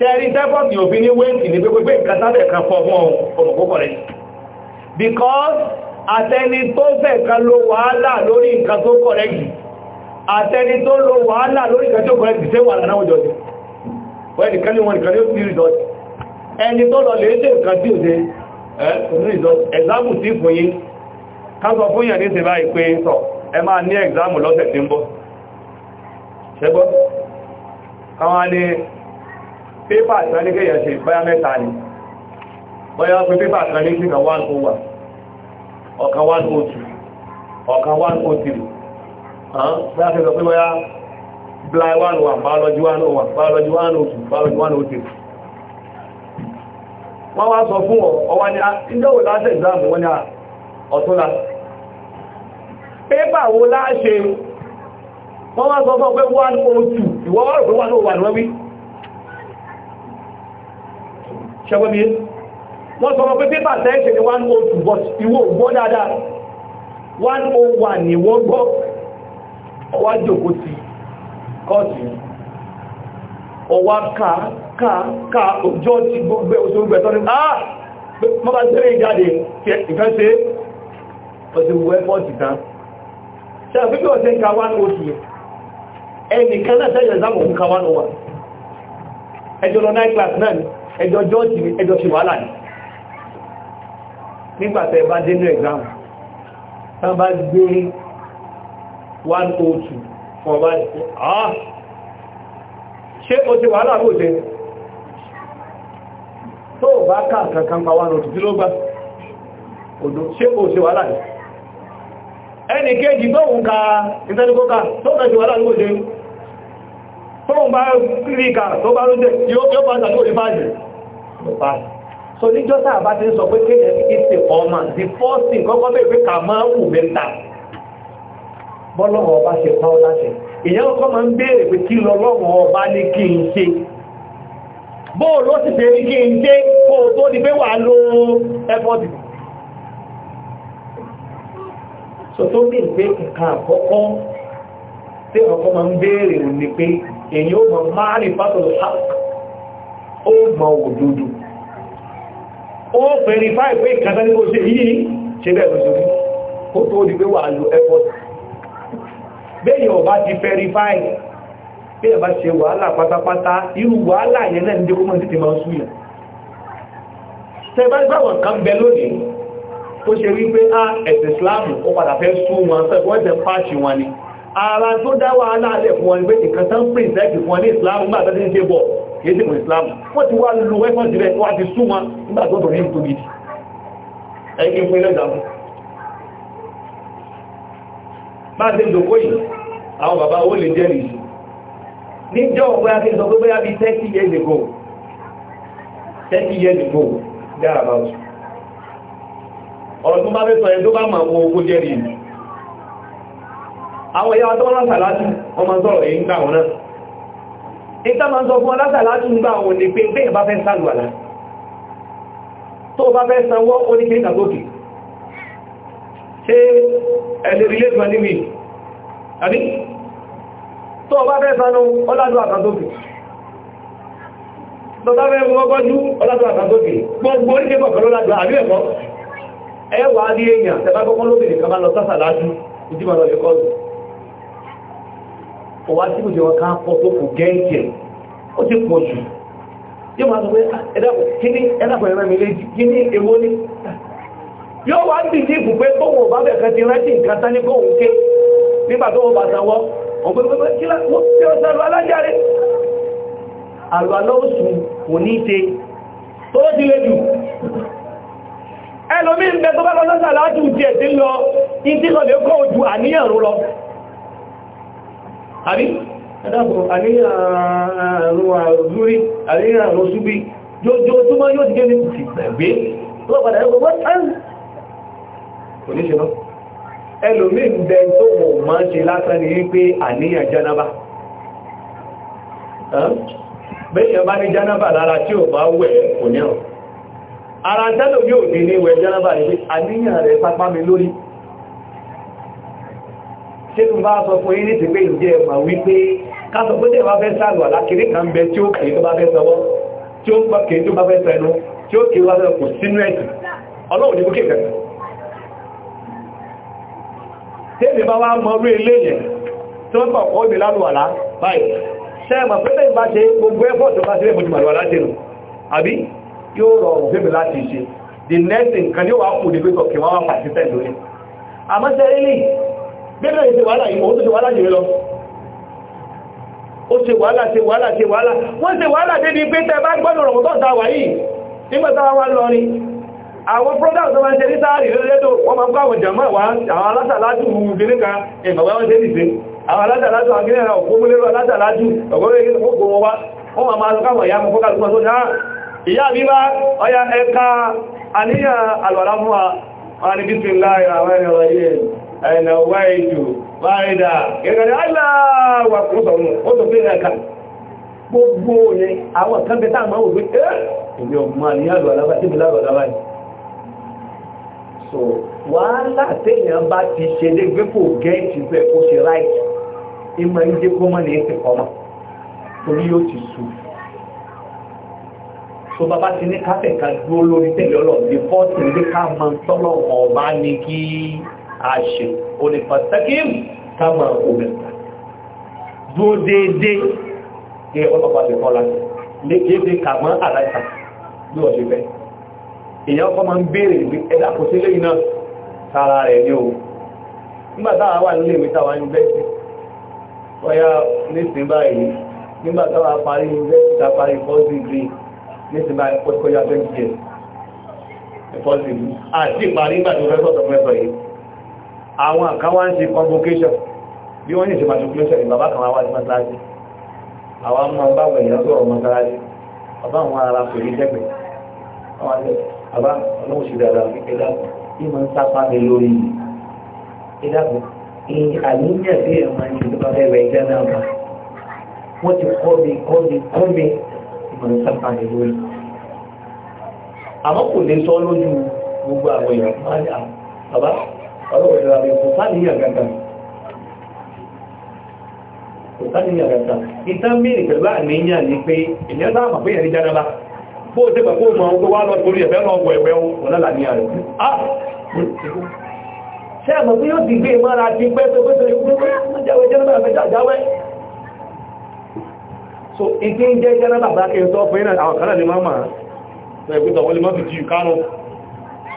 Speaker 1: ṣẹ́rí tẹ́fọ́sì òfin ní wéǹtì ní pépépé nǹkan kan fọ́ fún ọmọ púpọ̀ rẹ̀ because àtẹni tó fẹ́ kan lo wàhálà lórí nǹkan tó correct àtẹni tó lo wàhálà lórí nǹkan tó correct ṣe wà lánàá òjò sí wọ́n nìkan ní wọn nìkan ní ó sí result ẹni tó lọ lè ṣe nǹkan tí example sí fún yín ká sọ fún yàn ní example lọ́sẹ̀ tí ń bọ̀ káwọn ní pépà kan ní kẹyẹ̀ ṣe bóyá mẹ́ta ni bóyá pé pépà kan ní kíkan 101 ọ̀kan 102 ọ̀kan 103 bóyá kẹsọ pé bóyá bly 101 biology 101 biology 102 biology 103 wọ́n wá sọ fún ní ah, ní ah, pépà wo láṣe wọ́n wá sọ fún pé 102 ìwọ́wọ́ pé 101 wọ́n wí ṣẹgbẹ́ mi wọ́n sọ pé pépà tẹ́ẹ̀ṣẹ̀ ni 102 but ìwọ gbọ́ dáadáa 101 ni wọ́n gbọ́ ọwá jòkó ti kọ́ọ̀tì ọwá ká ká ká òjò ti gbogbo òṣòrùgbẹ̀ tọ́ni ah mọ́ bá tẹ́rẹ ìjáde ìfẹ́ ṣe ọ̀sẹ̀ wù ẹ́fọ́ọ̀tì tán ṣe àfíkẹ́ ọ̀sẹ̀ ń ka 102 ẹnìkan náà tẹ́jẹ̀ ìzámọ̀ ń ka 101 ẹjọ́ lọ 9 class 9 ẹjọ́ jọ́ọ̀tì ní ẹjọ́ ṣe wàhálà ní nígbàtẹ̀ bá dénú exam tán bá gbé 102 fún ọba ah ṣé o ṣe wàhálà kò ṣe tó bá káàkankan pa 102 tí ló gbá odò o wàhálà ní ẹni kéjì ka tó bá tó bá yóò bá ìfáàjì pass so níjọ́ tá bá ti sọ pé kéèyàn kí ṣe ọmọ the first kọ́kọ́ bẹ̀rẹ̀ pé kà máa wù mí ta bọ́lọ́wọ́ ọba ṣe pa ọ́ láṣẹ ìyẹn ma ń béèrè pé kí ọba ní kí n ṣe bóòlù ó sì o tó di pé wà ló ẹfọ́dì so tó bí pé ìka àkọ́kọ́ mọ òdúdú ó bẹ̀rẹ̀ fáì pé ìkàtà ní kò ṣe yìí ṣe bẹ̀rẹ̀ lóṣòrí ó tó di pé wà lò airport bẹ́yẹ̀ ọba ti verify bí ẹ̀bá ṣe wàhálà pátápátá irú wàhálà yẹn náà ní jẹ́ kọ́mọ̀ títí máa ń súyà tẹ́bá gbáwọn kan bẹ lónìí tó ṣe rí pé á ah, ẹ̀sẹ̀ islamu ó padà fẹ́ sún wọn sẹ́gbọ́ẹ̀sẹ̀ pàṣì wọn ni ara tó dá wàhálà alẹ́ fún wọn ni pé ìkàtà ń pè kéde mọ̀ islam wọ́n ti wá lo ẹ̀fọ́n jìrẹ̀ wá ti sún wọn nígbà tó bọ̀ ní ìtòbí ẹgbẹ́ fún ilẹ̀ ìdàmú bá ṣe jòkó yìí àwọn bàbá owó lè jẹ́rìí níjọ́ ọ̀pẹ́ akẹ́ sọ pé bóyá years ago 30 years ago dára bá ọ̀sùn ọ̀rọ̀ tó bá fẹ́ sọ ẹ̀ tó bá mọ̀ àwọn owó jẹ́rìí àwọn ìyá wa tó wọ́n ìta ma ń sọ fún alásàlá tún gbà wọn ní pé bẹ́ẹ̀ bá fẹ́ sálù àlá tó bá fẹ́ sanwó oníkẹ́ ìtàgókè ṣe ẹ̀lẹ̀ ilé ìgbà níbi àbí tó bá fẹ́ sanú ọládù àtàgókè tó bá fẹ́ mọ́gọ́jú ọládù àtàgókè gbogbo oníkẹ́ kọ̀kọ́ lọ́ládù àbí ẹ̀kọ́ ẹwà á rí èèyàn tẹ́bá kọ́kọ́ lóbìnrin kan bá lọ sásà lájú ìjímọ̀ lọ lè kọlù kò wá sí ìjọba kan pọ̀ tó kò gẹ́ǹtì ẹ̀ ó ti pọ̀ jù yóò máa sọ pé ẹ̀dàpọ̀ ah, ẹ̀rọ mi lè kí ní èwo ní yóò wá dì ní ìbùgbé tóhùn ọba bẹ̀ kan ti rántí nǹkan tán ní kóhùn ké nígbà tó wọ́n bá sanwó ọgbẹ́gbẹ́ kí lọ́wọ́ tí ó sẹ́rọ alájáre àlọ́ alọ́ọ̀sù kò ní ṣe tó ti lè jù ẹlòmí ń bẹ tó bá lọ sọ́sà látù tiẹ̀ ti lọ ìdíkọ̀lẹ́kọ̀ọ́ ju àníyàn lọ àbí ẹ̀dàbọ̀ àríyàn àrùn àríyàn àrùn súbí jójójúmọ́ yóò ti gé ní ti gbẹ̀gbé lọ́pàdà ẹgbẹ̀ wọ́n tán kò ní ṣe lọ ẹlòmí ń bẹ tó wọ́n máa ṣe lásán ní wípé àníyàn jánábà bẹ́yàn bá ní jánábà lára tí ò bá wẹ̀ kò ní ọ̀ ara tẹ́lò yóò dín ní wẹ̀ jánábà ní àníyàn rẹ̀ pápá ṣe tún bá sọ fún yín ní ti pé ìjẹ́ ẹ̀mà wípé káàsọ̀ pé tẹ́ bá fẹ́ sàrò àlákiri kan bẹ tí ó kèé tó bá fẹ́ sọwọ́ tí ó ń gbọ́ kèé tó bá fẹ́ sẹnu tí ó kèé wá fẹ́ kò sínú ẹ̀sìn ọlọ́run ní bókè kẹsàn tẹ́lẹ̀ bá wá mọ orí ilé yẹn tí wọ́n pọ̀ kọ́ ìbìlá lù àlá báyìí sẹ́ẹ̀mà pé next thing kan yóò wá kù ní pé kọ̀kẹ́ wọ́n ilé bẹ́ẹ̀ ìṣe wàhálà yìí òun tó ṣe wàhálà jùlọ ó ṣe wàhálà ṣe wàhálà ṣe wàhálà wọ́n ṣe wàhálà débi pé tẹ bá gbọ́nà rọ̀mọ́ tó ta wà yìí nígbàtà wà lọrin àwọn products tó máa ń ṣe ní sáàrì lẹ́lẹ́dọ̀ wọ́n máa ń kọ́ àwọn jàmọ́ àwọn alásàlájú gíníkà ìgbàgbà wọn ṣe nìṣe àwọn alásàlájú agínẹ́ra òkúmúlérò alásàlájú ọgọ́rẹ́ ìgbẹ́ gbogbo wọn wá wọ́n máa máa lọ́kàwọ̀ ìyá mọ́ fọ́kàlùkù ọjọ́ náà ìyá mi bá ọya ẹka àníyàn alwàlá fún wa wọ́n ni bí ẹ̀nà wá ìjò báyìdà gẹ́gẹ́rẹ́ aláwà púpọ̀mù ó tó fẹ́ ẹ̀ka gbogbo yẹn àwọn kan bẹ táàmà òfin ẹ́ ìbí ọmọ àníyàlò alábá tí rọ̀ so wàhálà téèyàn bá ti ṣe dé gbépò gẹ́ẹ̀tì bẹ́ẹ̀ kó ṣe ráìtì ìmọ̀ so bàbá ti ní káfẹ̀ lórí ká a ṣe o ní pàtàkìm kama òmìnira dúó déédé kí ọlọ́pàá ti kọ́ láti lé kéde kàmọ́ àláìsà bí wọ́n ṣe fẹ́ èyàn ọkọ̀ máa ń béèrè ẹ̀dà kò sílé iná sára rẹ̀ ní o nígbà táwa wà nílé ìwé táwa ń bẹ́ sí ọya nísìn báyìí nígbà táwa parí university ta parí first degree nísìn báyìí kọjá 20 years first degree àti ìparí ìgbà tó fẹ́ sọ́tọ̀ yìí àwọn kan wá ń ṣe convocation bí wọ́n ní ṣe matriculation ìbàbá kan wá sí mọ́sálásí àwọn ọmọ bá wọ̀ èèyàn sọ̀rọ̀ mọ́sálásí ọba àwọn ara kò ní jẹ́pẹ̀ àwọn àti àbá ọlọ́run ṣe dáadáa wípé dákùn bí mo ń sápá mi lórí ìdákùn àníyàn bí ẹ̀ máa ń ṣe tó bá fẹ́ rẹ̀ jẹ́ náà kan wọ́n ti kọ́ mi kọ́ mi kọ́ mi ìmọ̀ ń sápá mi lórí àmọ́ kò lè sọ lójú gbogbo àwọn èèyàn máa ń dà bàbá ọlọ́wọ́ ìlera rẹ̀ kò sáníyàn gangan kò sáníyàn gangan ni pé ènìyàn náà mọ̀ pé ẹ̀rí jánábà bó o tẹ́gbà fóònù àwọn tó wá lọ torí ẹ̀fẹ́ lọ wọ ẹ̀wẹ́ ọ̀lọ́làníyàn rẹ̀ ah! ṣé àmọ̀ pé yóò ti gbé e mọ́ra ti pẹ́ tó pẹ́ tó yóò gbé mọ́ jáwé jánábà rẹ̀ jáwé so ìdí ń jẹ́ jánábà bá kí n sọ fún yín àwọn kan náà ni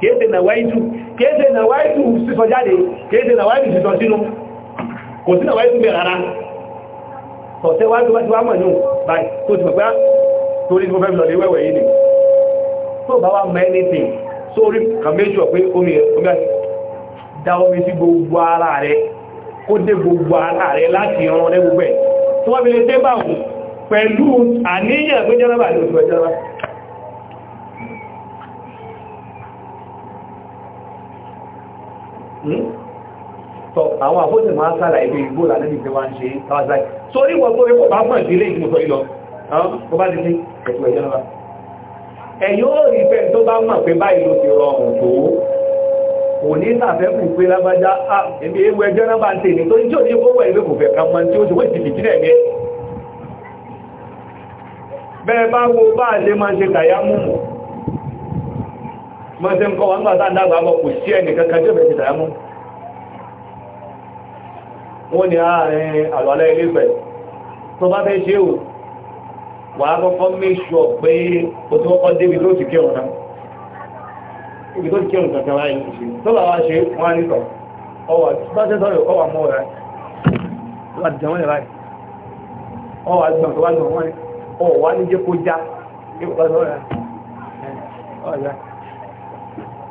Speaker 1: kéèsè nà wáìtù kéèsè nà wáìtù sísọ jáde kéèsè nà wáìtù sísọ sínú kò sí nà wáìtù bẹ̀ rárá ọ̀tẹ́ wájú wájú wá mọ̀ ní báyìí tó ti pẹ̀pẹ́ torí mo fẹ́ lọ wẹ́wẹ̀ yìí ni tó bá wá mọ̀ ẹ́nìtì sórí kàmẹ́jọ pé omi tọ hmm? àwọn àbóṣe máa sára ìgbé igbó lànẹ́bì tí wọ́n ṣe tàwàsáì sórí wọ́n tó wípọ̀ bá mọ̀ ìdílé ìgbòsọ ìlọ ọ bá ti ní ẹ̀tù ẹ̀jẹ́ lọ́wọ́ ẹ̀yìn ó rí fẹ́ tó bá mọ̀ pé báyìí ló ti rọrùn tó kò ní sàfẹ́kù pé lábájá ẹ̀mí ah, ewu ẹjọ́ náà bá ń tè ní tó ní tí ò ní mọ́ sí ń kọ́ wọn gbàtà dágbà mọ́ kò sí ẹnì kankan tí ó bẹ̀rẹ̀ tàyà mọ́ wọ́n ní àárín àlọ́lẹ́ ilé ìfẹ́ tó bá fẹ́ ṣe ò wà á kọ́kọ́ méṣọ́ pé o ti kọ́kọ́ débi tó ti kírun náà ọwà gbọ̀n tó bá gbọ̀n wọ́n ni ọwà ní jẹ́ kó já ní kò bá sọ́rọ̀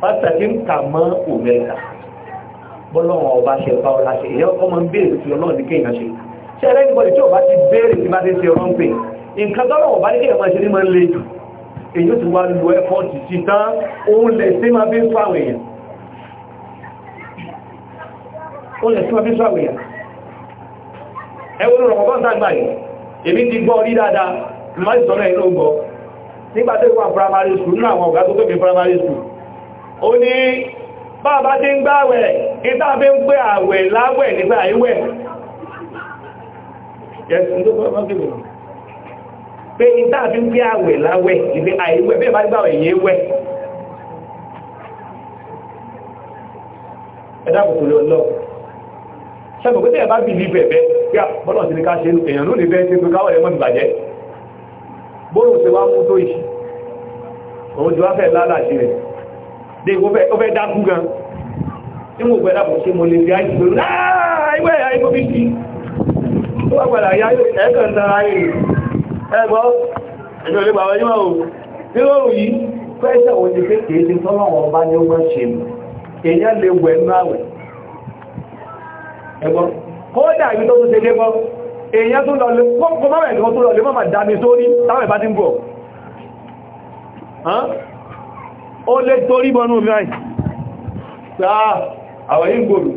Speaker 1: pàtàkìm kà mọ́ òmẹ́ta bọ́lọ́wọ́n ọba ṣe bá ọlá ṣe ìyẹ́ ọkọ́ mọ́ ń béèrè tí ọlọ́run ní kéèyàn ṣe ṣe ẹ̀rẹ́ ìgbọ́dì tí ọba ti béèrè tí bá ti ṣe ọlọ́run pé nǹkan tọ́lọ́wọ́n ọba ní kéèyàn máa ṣe ní máa ń le jù èyí tí wá lọ ẹ̀kọ́ ti ti tán òun lè sí máa bí ń fáwọn èèyàn
Speaker 2: òun lè sí máa bí ń fáwọn èèyàn
Speaker 1: ẹwọ́n rọ̀mọ̀ bọ́n sàgbà yìí èmi ti gbọ́ rí dáadáa máa sọ̀rọ̀ ẹ̀ ló gbọ́ nígbà tó wà primary school náà àwọn ọ̀gá tó tóbi primary school ó ní bàbá tí ń gbá àwẹ̀ ìtàbí ń pé àwẹ̀ láwẹ̀ nígbà ìwẹ̀ pé ìtàbí ń pé àwẹ̀ láwẹ̀ ìgbé àìwẹ̀ bí ẹ̀bá gbáwẹ̀ yé wẹ̀ ẹ̀dá kòkò lọ ṣe wá mú tó ìṣì òun ti wá fẹ́ lálàṣì rẹ̀ dé ó fẹ́ dákú gan tí mo gbẹ̀dá bọ̀ ṣe mo lè fi àìsí pẹ̀lú àìwẹ̀ àìkó bí kí ó wà gbàdà yá ẹ̀kọ́ ń tara rẹ̀ ẹgbọ́ ẹ̀jọ́ lè bàbá yíwá o tí ó yí pẹ́sẹ̀ òun ti pé kìí ti tọ́lọ̀ wọn bá ní ó máa ṣe mú èèyàn lè wẹ̀ nú àwẹ̀ ẹgbọ́ kódà ibi tó tún ṣe dé gbọ́ èèyàn tó lọ lè kọ́kọ́ máwẹ̀ tó lọ lè má má dá mi sórí táwẹ̀ bá ti ń bọ̀ ó lé torí bọnú mìíràn sáà àwọn ìgbòrò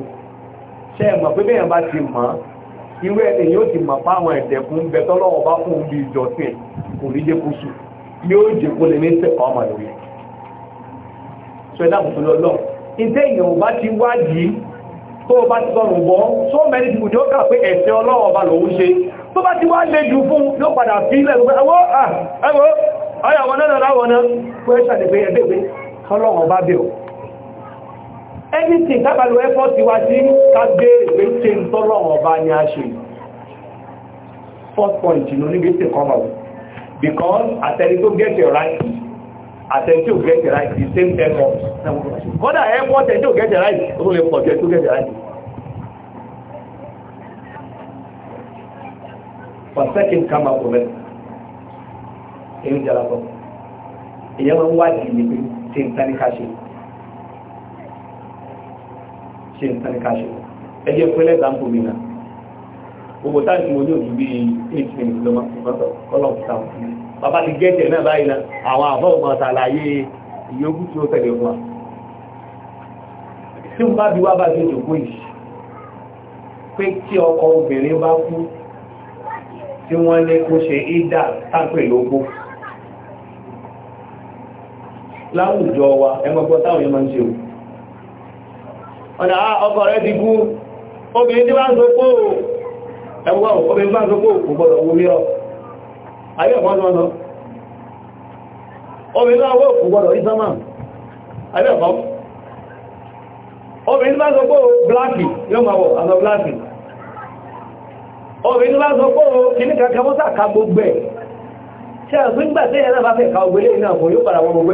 Speaker 1: ṣe ẹ̀mọ̀ pé bẹ́yàn bá ti mọ̀ irú ẹni yóò ti mọ̀ páwọn ẹ̀dẹ̀kún ń bẹ tọ́lọ́wọ́ bá fún bí ìjọsìn kò ní jẹ́ kúsù yóò jẹ́ kó lè ní tẹ̀kọ́ ọmọ lórí so ẹ̀dá kò tún lọ́lọ́ ìdẹ́ èèyàn bá ti wádìí tó bá ti sọ̀rọ̀ bọ́ so many people ni ọyọ̀ wọn náà láwọn náà pé ṣàdẹ̀gbé ẹgbẹ̀gbẹ̀ ọlọ́wọ̀n bá bẹ̀rọ anything tábàlù effort wá sí kágbèrè pé ṣe ń tọ́lọ́wọ̀n bá ní a ṣe first point inú níbi tí kọmọ̀ because àtẹni tó get your right àtẹni tó get your right the same effort have effort ẹni tó get your right ó lè pọ̀ jù ẹni get your right But second come out with it èyí ń jalapọ̀ ìyẹn máa ń wádìí ní pé ṣe ń tán ní ká ṣe ṣe ń tán ní ká ṣe ẹ jẹ́ fún ẹlẹ́gbàmpù mi náà owó táàkì mo ní òjú bí eight minutes ló máa ń sọ kọ́lọ̀mù táwọn bàbá ti gẹ́ẹ̀tẹ̀ náà báyìí náà àwọn àbọ̀ ọ̀gbọ̀n àtàlàyé ìyókù tí ó tẹ̀lé fún wa tí ń bá bí wá bá ṣe jòkó yìí pé tí ọkọ obìnrin bá kú tí wọ́n ní kó ṣe ìdá tápẹ̀ lógún láwùjọ wa ẹgbọ́gbọ́ táwọn yẹn ṣe o ọ̀nà ah, ọkọ rẹ̀ ti kú obìnrin tí wá ń sopó ẹwọ́ obìnrin tí wá ń sopó kò gbọ́dọ̀ ayé ọ̀pọ̀ obìnrin tí wá gbọ́dọ̀ ayé ọ̀pọ̀ obìnrin tí wá ń yóò máa wọ̀ obìnrin tí wá ń tí ẹ̀rẹ́ bá fẹ́ ká yóò wọn gbogbo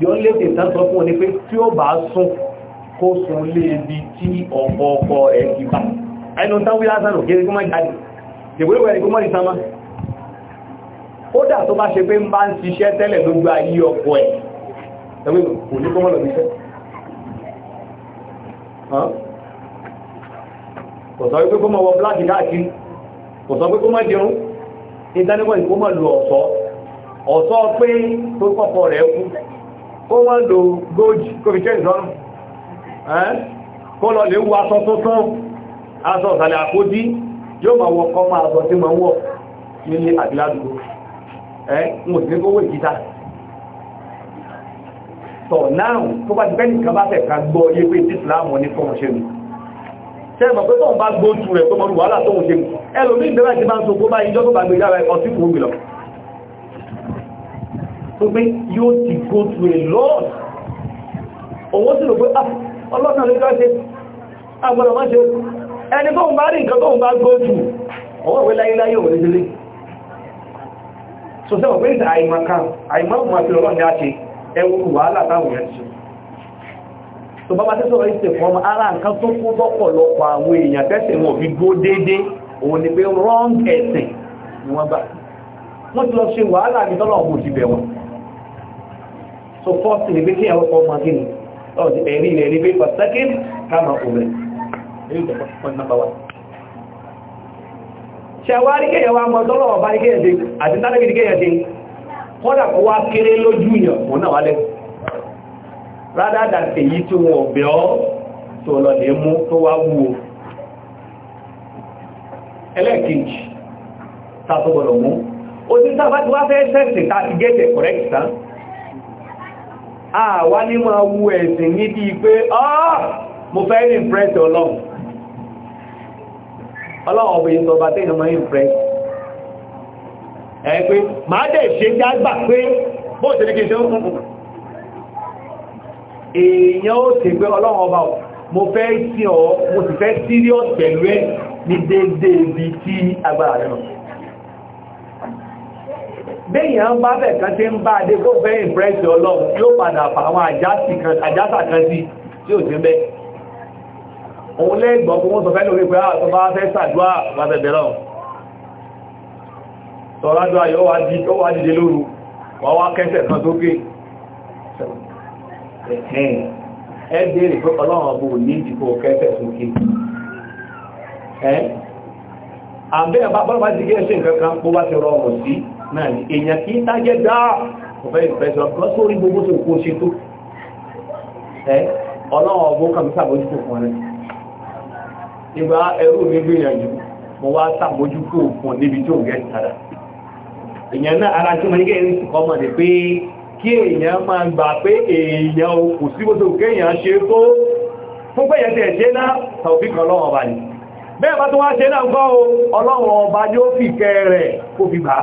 Speaker 1: yọ ń léde tán sọ fún ọ ní pé tí ó bá sùn kó sùn lé ibi tí ọkọ ọkọ rẹ̀ ti bá ẹnu tán wí lásán òkè kí wọ́n jáde ìwéwẹ̀ ni kó mọ́ ìsámá kódà tó bá ṣe pé ń bá ń ṣiṣẹ́ tẹ́lẹ̀ lójú ayé ọkọ ẹ̀ ẹgbẹ́ kò ní kó mọ́ lọ níṣẹ́ kò sọ wípé kó mọ́ wọ bláàkì káàkiri kò sọ pé kó mọ́ jẹun ìdánimọ̀ ìkó mọ́ lu ọ̀ṣọ́ ọ̀ṣọ́ pé tó kọ́kọ́ rẹ̀ kú kó wọ́n lo góòjì kó fi jẹ́ ìdánù kó lọ lè wọ aṣọ tuntun aṣọ ìsàlẹ̀ àkójí yóò máa wọ kọ́ máa aṣọ tí ma ń wọ̀ nílé àdíládùgbò ẹ́ mo sì ní kó wé ìkíta tọ̀ náà tó bá ti bẹ́ nìkan bá fẹ̀ ká gbọ́ yé pé tí ìsìláàmù ní fọ́n ṣe mi sẹ́gbọ̀ pé tóun bá gbóòtù rẹ̀ tó mọ́rù wàhálà tóun ṣe mi ẹlòmí ìgbẹ́bà ti bá ń so kó bá ìjọ́ tó bá gbé jára ọtí kò ń gbìlọ̀ tó pé yóò ti go to a Lord, òun sì rò pé ah, ọlọ́nà ló gbá ṣe agbọ́nà máa ṣe ẹni tó ń bá rí nǹkan tó ń bá go through ọwọ́ ìwé láyéláyé òun lè so sẹ́wọ̀n pé ìta àìmọ̀ká àìmọ̀kùnmọ̀ àti ọlọ́ni á ṣe ẹwọ́ wàhálà táwọn èèyàn ṣe tó bá bá tẹ́sọ̀rọ̀ ìsẹ̀ fọ́mọ̀ ara nǹkan tó kú lọ́pọ̀lọpọ̀ àwọn èèyàn tẹ́sẹ̀ wọn fi gbó déédé òun ni pé wrong ẹ̀sìn ni wọ́n gbà wọ́n ti lọ ṣe wàhálà ní tọ́lọ̀ ọ̀gbọ̀n ti bẹ̀ wọn so first ni pé kí àwọn ọkọ̀ ọmọ gíní ẹ̀rí rẹ̀ ní pé for second kama obìnrin ṣàwárí kéyàwó amọ̀tọ́lọ̀ ọ̀bá ní kéyàdé àti tánàkìdí kéyàdé kọ́dà kó wá kéré lójú yàn mọ́ náà wálẹ̀ rather than èyí tí wọn ọ̀bẹ̀ ọ́ tó lọ lè mú tó wá wúwo ẹlẹ́ẹ̀kejì tàbí gbọ́dọ̀ mú ó ti sábà tí wá fẹ́ sẹ́ẹ̀sì tàbí gẹ́ẹ̀tẹ̀ correct tán àwá ní máa wu ẹ̀sìn níbi pé mo fẹ́ ní impress ọlọ́run ọlọ́run ọbẹ̀yìn sọba tẹ́ ìnàmọ́ impress ẹ̀ pé máa dẹ̀ ṣe jágbà pé bó ṣe ní kí ṣe ń èèyàn ó ti gbé ọlọ́run ọba mo fẹ́ sí ọ mo sì fẹ́ serious pẹ̀lú ẹ ní déédéé ibi tí agbára rẹ̀ náà béèyàn bá bẹ̀ kan tí ń bá adé kó fẹ́ ìpẹ́sì ọlọ́run yóò padà fà àwọn àjásà kan sí tí ò sí bẹ́ òun lẹ́gbọ̀n kó wọ́n sọ fẹ́ lórí pé àwọn ah, bá fẹ́ sàdúà wà bẹ̀bẹ̀ lọ sọ́rádúà yóò wá dìde lóru wà wá kẹsẹ̀ kan sókè ẹ béèrè pé ọlọ́run ọbọ̀ ní ìdìbò kẹsẹ̀ sókè àbẹ́ bá bá ti gẹ́ ṣe nǹkan kan náà ni èèyàn kí tájẹ́ dáa ọ̀fẹ́ ìfẹ́sọ̀ kan sórí gbogbo tó kó ṣe tó ẹ́ ọlọ́wọ́ ọgbó kàmí sàbójúkò fún rẹ̀ ìgbà ẹrù mi gbìyànjú mo wá sàbójúkò fún níbi tó gẹ́ tàdà èèyàn náà ara tí mo ní kẹ́rin sì kọ́mọ̀ ní pé kí èèyàn máa gbà pé èèyàn o kò sí bó tó kéèyàn ṣe tó fún pé bẹ́ẹ̀ bá tó wá ṣe náà gbọ́ ọlọ́wọ́ ọba yóò fi kẹ́ rẹ̀ kó fi bàá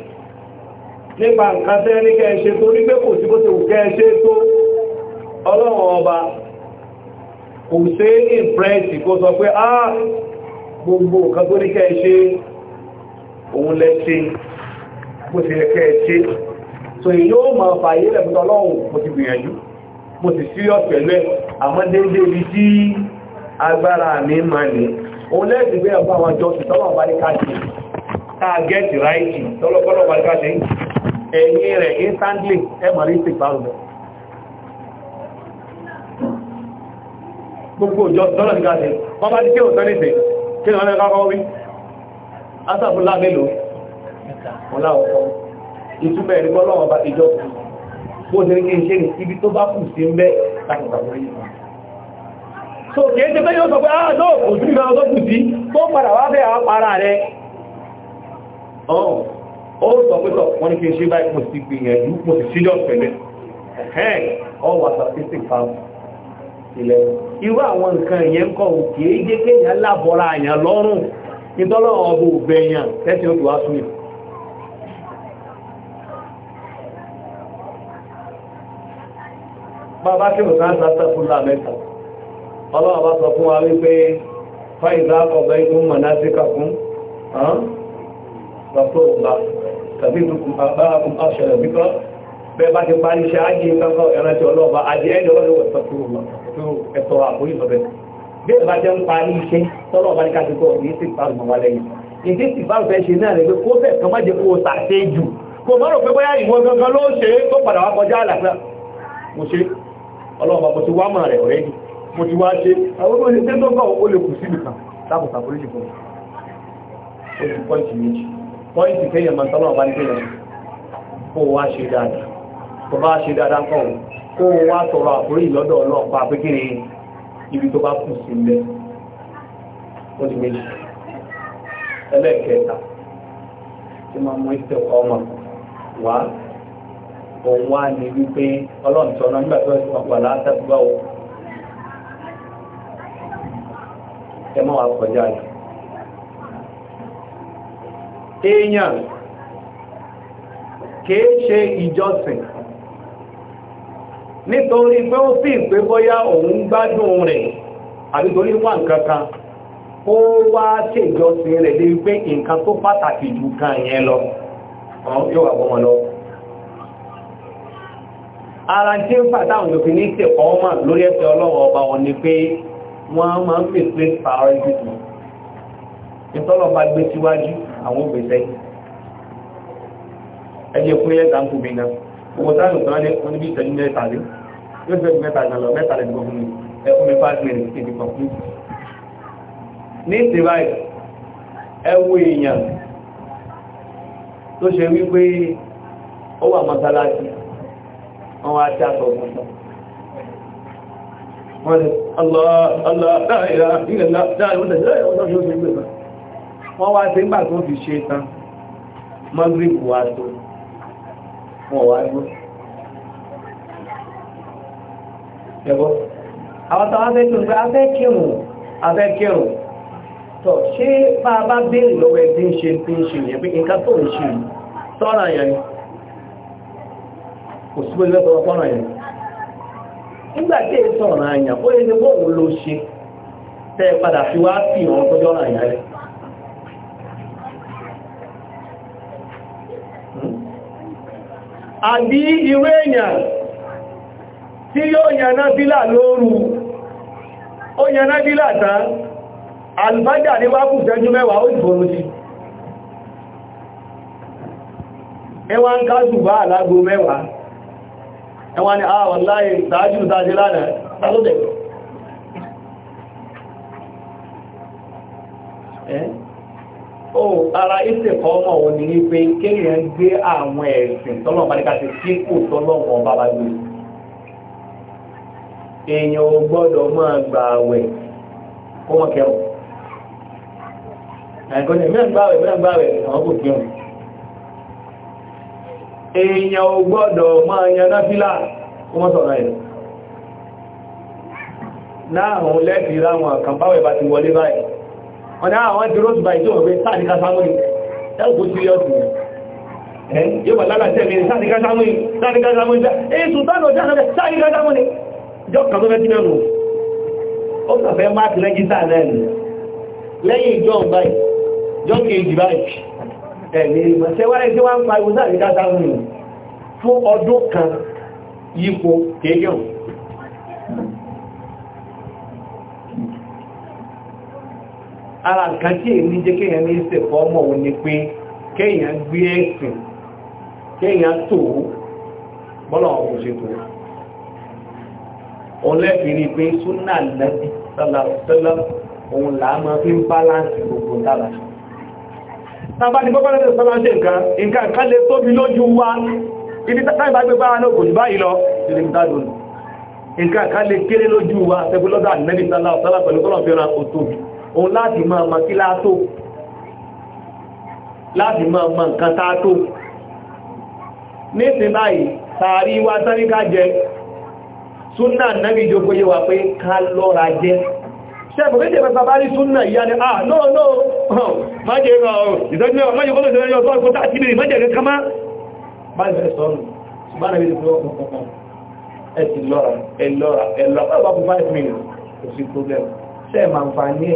Speaker 1: nípa nǹkan tẹ́ ní kẹ́ ṣe tó ní pé kò sí bó ti wù kẹ́ ṣe tó ọlọ́wọ̀n ọba kò ṣe ìfẹ́ẹ̀sì kó sọ pé á ah, gbogbo nǹkan tó ní kẹ́ ṣe òun lẹ́ṣe bó ti yẹ kẹ́ ṣe so èyí ó máa fàyè lẹ́bùtọ́ ọlọ́run mo ti gbìyànjú mo ti serious pẹ̀lú ẹ̀ àmọ́ déédé ibi tí agbára mi máa ní òun lẹ́ẹ̀sì gbé ẹ̀kọ́ àwọn jọ́sìn tọ́lọ̀ bá ní káàkiri táà gẹ́ẹ̀tì ráìtì tọ́lọ̀ bá ní káàkiri ẹ̀yìn rẹ̀ instantly ẹmọ̀rí sí ìpárùn-ún gbogbo òjò lọ́nà ní káàkiri wọ́n bá ní kí o sọ nìsẹ̀ kí lọ́nà ní káàkiri wí asàfúnlá mélòó ọ̀lá ọ̀kọ́ ìtúbẹ̀ ẹ̀rí kọ́ lọ́wọ́ bá ìjọ bó ṣe so kìí ṣe pé yóò sọ pé àádọ́ òjú ìgbà ọgọ́ kù sí tó ó sọ pẹ́tọ̀ wọ́n ní kí n ṣe báyìí mo ti gbìyànjú mo ti ṣíjọ́ pẹ̀lẹ̀ ẹ̀hẹ́n ọwà statistics farm ilẹ̀ irú àwọn nǹkan ìyẹn kọ́ òkè jẹ́ kéèyàn lábọ́ra àyàn lọ́rùn nítọ́lọ́ ọbọ̀ ògbẹ̀yàn tẹ́sí ó ti wá súnyàn bàbá kí mo sáà sáà fún lámẹ́ta ọlọ́wọ́ bá sọ fún wa wípé fáìlá ọ̀gbẹ́ ikú mọ̀ náà sí kàkún lọ́tọ́ọ̀gbà tàbí ìdúkùn àbáàkùn àṣẹlẹ̀ bíkọ́ bẹ́ẹ̀ bá ti parí iṣẹ́ ajé kankan ẹ̀rántí ọlọ́ọ̀bá ajé ẹ̀jọ́ lọ́wọ́ ẹ̀tọ́ àforíṣọ́ bẹ́ẹ̀ bẹ́ẹ̀ bá jẹ́ ń parí iṣẹ́ tọ́lọ́ọ̀bá ní káàkiri kọ́ ní sí ìpàrọ̀ mọ́ wa lẹ́yìn ìdí sì bá fẹ́ ṣe náà rẹ̀ pé kó fẹ́ kan má jẹ́ kó o tàṣe jù kò mọ́rò pé bóyá ìwọ gangan ló ṣe tó padà wá kọjá àlàáfíà mo ṣe ọlọ́ọ̀bá mo ti wá mọ̀ rẹ̀ ọ̀rẹ́ mo ti wá ṣe àwọn olóṣèlú tó ń bọ̀ ó lè kù sí nìkan tábùtà foríṣì fún mi ó ti pọ́ǹtì méjì pọ́ìntì kéyàn mọ̀ tọ́lọ̀ bá ní kéyàn kó wá ṣe dáadáa tó bá ṣe dáadáa kọ́ kó wá tọrọ àforí lọ́dọ̀ ọlọ́pàá pé ibi tó bá kù sí ilẹ̀ di ọmọ wa kọjá yìí èèyàn kee ṣe ìjọsìn nítorí pé ó fi ìpé bóyá òun gbádùn rẹ̀ àbí torí wà nǹkankan ó wá ṣe ìjọsìn rẹ̀ lè pé nǹkan tó pàtàkì jù kan yẹn lọ yóò wà lọ ara tí ń pàtàkì òfin ní ìsẹ̀kọ́ ọmọ lórí ẹ̀sẹ̀ ọba wọn ni pé wọ́n máa ń pè priority ìtọ́lọ̀ bá gbé síwájú àwọn ògbèsẹ́ ẹjẹ́ fún ilẹ̀ ìtàkù mi náà owó táàlù tó rán ní bí ìtẹ́jú mẹ́ta lé yóò fẹ́ mẹ́ta ìgbàlọ̀ mẹ́ta lè gbọ́ fún mi ẹkùn mi five minutes ti fi kọ̀kú ní ìsìnbáyì ẹwú èèyàn tó ṣe wípé ó wà mọ́sálásí wọ́n wá tí a sọ fún wọ́n ni Allah Allah láàrín ìrìnlá láàrín ó tẹ̀sílẹ̀ ọ̀sán yóò fi gbé wọ́n wá sí tó fi ṣe tán Magrib wá tó wọ́n wá gbọ́ ẹ̀bọ́ àwọn tàwọn afẹ́ tó afẹ́ kírun afẹ́ kírun tọ̀ ṣé bá bá béèrè lọ́wọ́ ẹ̀ tí ń ṣe tí ń ṣe yẹn pé nǹkan tó ń ṣe tọ́ra yẹn kò síbò ilé tọrọ fọ́nà yẹn nígbà tí èyí sọ̀rọ̀ náà ó yẹ ní bóun ló ṣe tẹ́ padà fi wá sí ìrànlọ́jọ́ àbí irú èèyàn tí yóò yàná bílà lóòrù ó yàná bílà tán alùbájà ní wákù jẹjú mẹ́wàá ó ìbòrò sí ẹwà ń kájù bá alágbó mẹ́wàá ẹwà ni àwọn láyé tààjù tààjì lánàá tààjù ó ara ìsìn kan mọ̀ òun ni wípé kéèyàn gbé àwọn ẹ̀sìn tọ́lọ̀ balẹ̀ka ti kí kò tọ́lọ̀ wọn bàbá gbé èèyàn ò gbọ́dọ̀ máa gbà àwẹ̀ kó wọn kẹrù ẹ̀kọ́ ni mìíràn gbàwẹ̀ mìíràn gbàwẹ̀ àwọn kò kẹrù èèyàn ò gbọ́dọ̀ máa yaná fílà kó wọ́n sọ̀rọ̀ ẹ̀ náà òun lẹ́ẹ̀kì ráwọn àkànbáwẹ̀ bá ti wọlé báyìí ọ̀nà àwọn dúró ti bá ìjọ ọ̀gbẹ́ sáàdìká sámúrì ẹ̀kù tí yọ́ sí ẹ̀ yóò bà lára tẹ́lẹ̀ sáàdìká sámúrì sáàdìká sámúrì ẹ̀ sùtánù ọjọ́ àkọ́kẹ́ sáàdìká sámúrì jọ kàtó mẹ́tí mẹ́rù ó sàfẹ́ máàkì lẹ́gítà náà lẹ́yìn ìjọ báyìí jọ kejì báyìí ẹ̀mí ìmọ̀sẹ́wárẹ́ tí wọ́n ń pariwo sáàdìká sámúrì fún ọdún kan yípo kéèkéèkù ara nǹkan tí èmi jẹ́ kéèyàn ní ìsẹ̀ fọ́mọ̀ ò ní pé kéèyàn gbé ẹ̀sìn kéèyàn tó bọ́lá ọ̀hún ṣe tó òun lẹ́fìrí pé súnà lẹ́bí sọ́lá òun là á máa fi ń báláǹsì gbogbo dára tàbá ní bọ́bá lẹ́sẹ̀ sọ́lá ṣe nǹkan nǹkan kan lè tóbi lójú wa ibi tàbí bá gbé bára náà kò jù báyìí lọ ìrìn dádùn nǹkan kan lè kéré lójú wa tẹ́gbẹ́ lọ́dà nẹ́bí sọ́lá pẹ̀lú kọ́lọ̀ fi ra òtóbi òun láti mọ ọmọ kí látó láti mọ ọmọ nǹkan tátó nísìn báyìí sàárì wa sáríká jẹ súnà náàbí ìjókòó yíwa pé ká lọ́ra jẹ ṣẹ́bù méjì pẹ̀pẹ̀ bá rí súnà ìyá ni ah no no májẹ̀ ìrọ̀ ìtọ́jú mẹ́wàá májẹ̀ kọ́lọ̀ ìtọ́jú ọ̀tọ́ ìkọ́ta àti ìbìrì májẹ̀ rẹ̀ kama bá ìfẹ́ sọ́nù ṣùgbọ́n àbí ìfẹ́ ọkùnkùn ẹ̀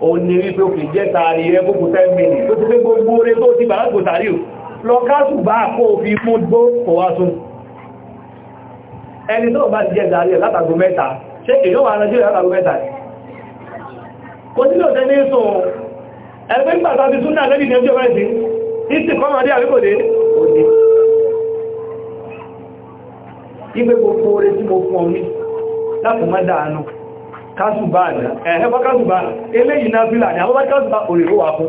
Speaker 1: òun ni wípé òkè jẹ́ tààrí rẹ gbogbo 10 minutes tó ti pé gbogbo rẹ tó ti bàbá kò tààrí ò lọ káàsù bá kó fi mú gbó kò wá sún ẹni tó bá ti jẹ́ tààrí rẹ látàgbò mẹ́ta ṣe èyàn wà ránjú látàgbò mẹ́ta kò sí lọ́tẹ́ ní sùn ẹgbẹ́ gbàtà ti súnà lẹ́bí ní ọjọ́ mẹ́sìn ìsì kọ́mọdé àríkòdé òdì ìgbẹ́ gbogbo rẹ tí mo fún ọ ní láti mọ́ dáa náà kásùbà náà ẹ̀ẹ́ bá kásùbà eléyìí náà fílà ní àwọn bá kásùbà òrèrò wà fún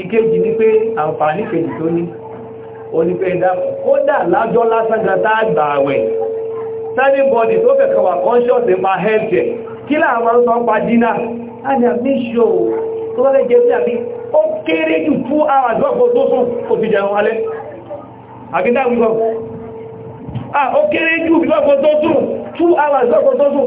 Speaker 1: ìkéjì ní pé àǹfààní kejì tó ní onífẹ́ ìdáàmù kódà lájọ́ lásán gata àgbà àwẹ̀ sẹ́nìbọ̀dì tó kẹ̀kẹ́ wà kọ́ńṣọ́sì máa hẹ́ẹ̀tẹ̀ kí láàwọn sọ pa dínà á tó wọ́n jẹ́ 2 hours lọ́pọ̀ tó sùn ó ti jẹun ah ó kéré jù lọ́pọ̀ hours lọ́pọ̀ tó sùn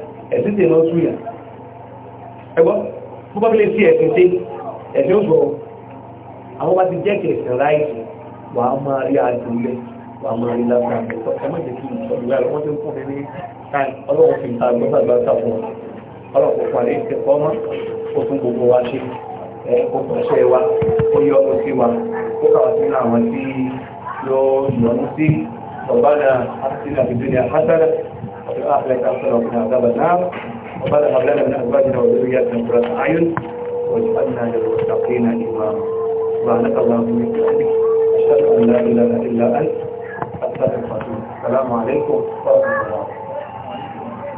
Speaker 1: ẹ̀sìn tí wọ́n súyà ẹgbọ́ púpọ̀ bí lè fi ẹ̀sìn tí ẹ̀sìn ó sọ àwọn bá ti jẹ́ kí ẹ̀sìn ráìsì wà á máa rí àdúlẹ̀ wà á máa rí lágbàá ẹ má jẹ́ kí ìṣọ̀lùwẹ̀ rẹ̀ wọ́n ti ń fún mi ní ọlọ́run fi àgbọ́sàgbà sàfún ọlọ́run pàdé ìṣẹ̀kọ́ mọ́ òfin gbogbo wa ṣe ọkùnṣẹ́ wa ó yọ ọ́ sí wa ó kà wá sínú àwọn tí yọ ìyọ̀nù sí ọ̀bá náà á sí àbìdúnyà pátálà وأهلك أصلهم من عذاب النار وبلغ لنا من أزواجنا وذرياتنا قرة أعين واجعلنا للمتقين إماما سبحانك اللهم وبحمدك أشهد أن لا إله إلا أنت السلام عليكم ورحمة الله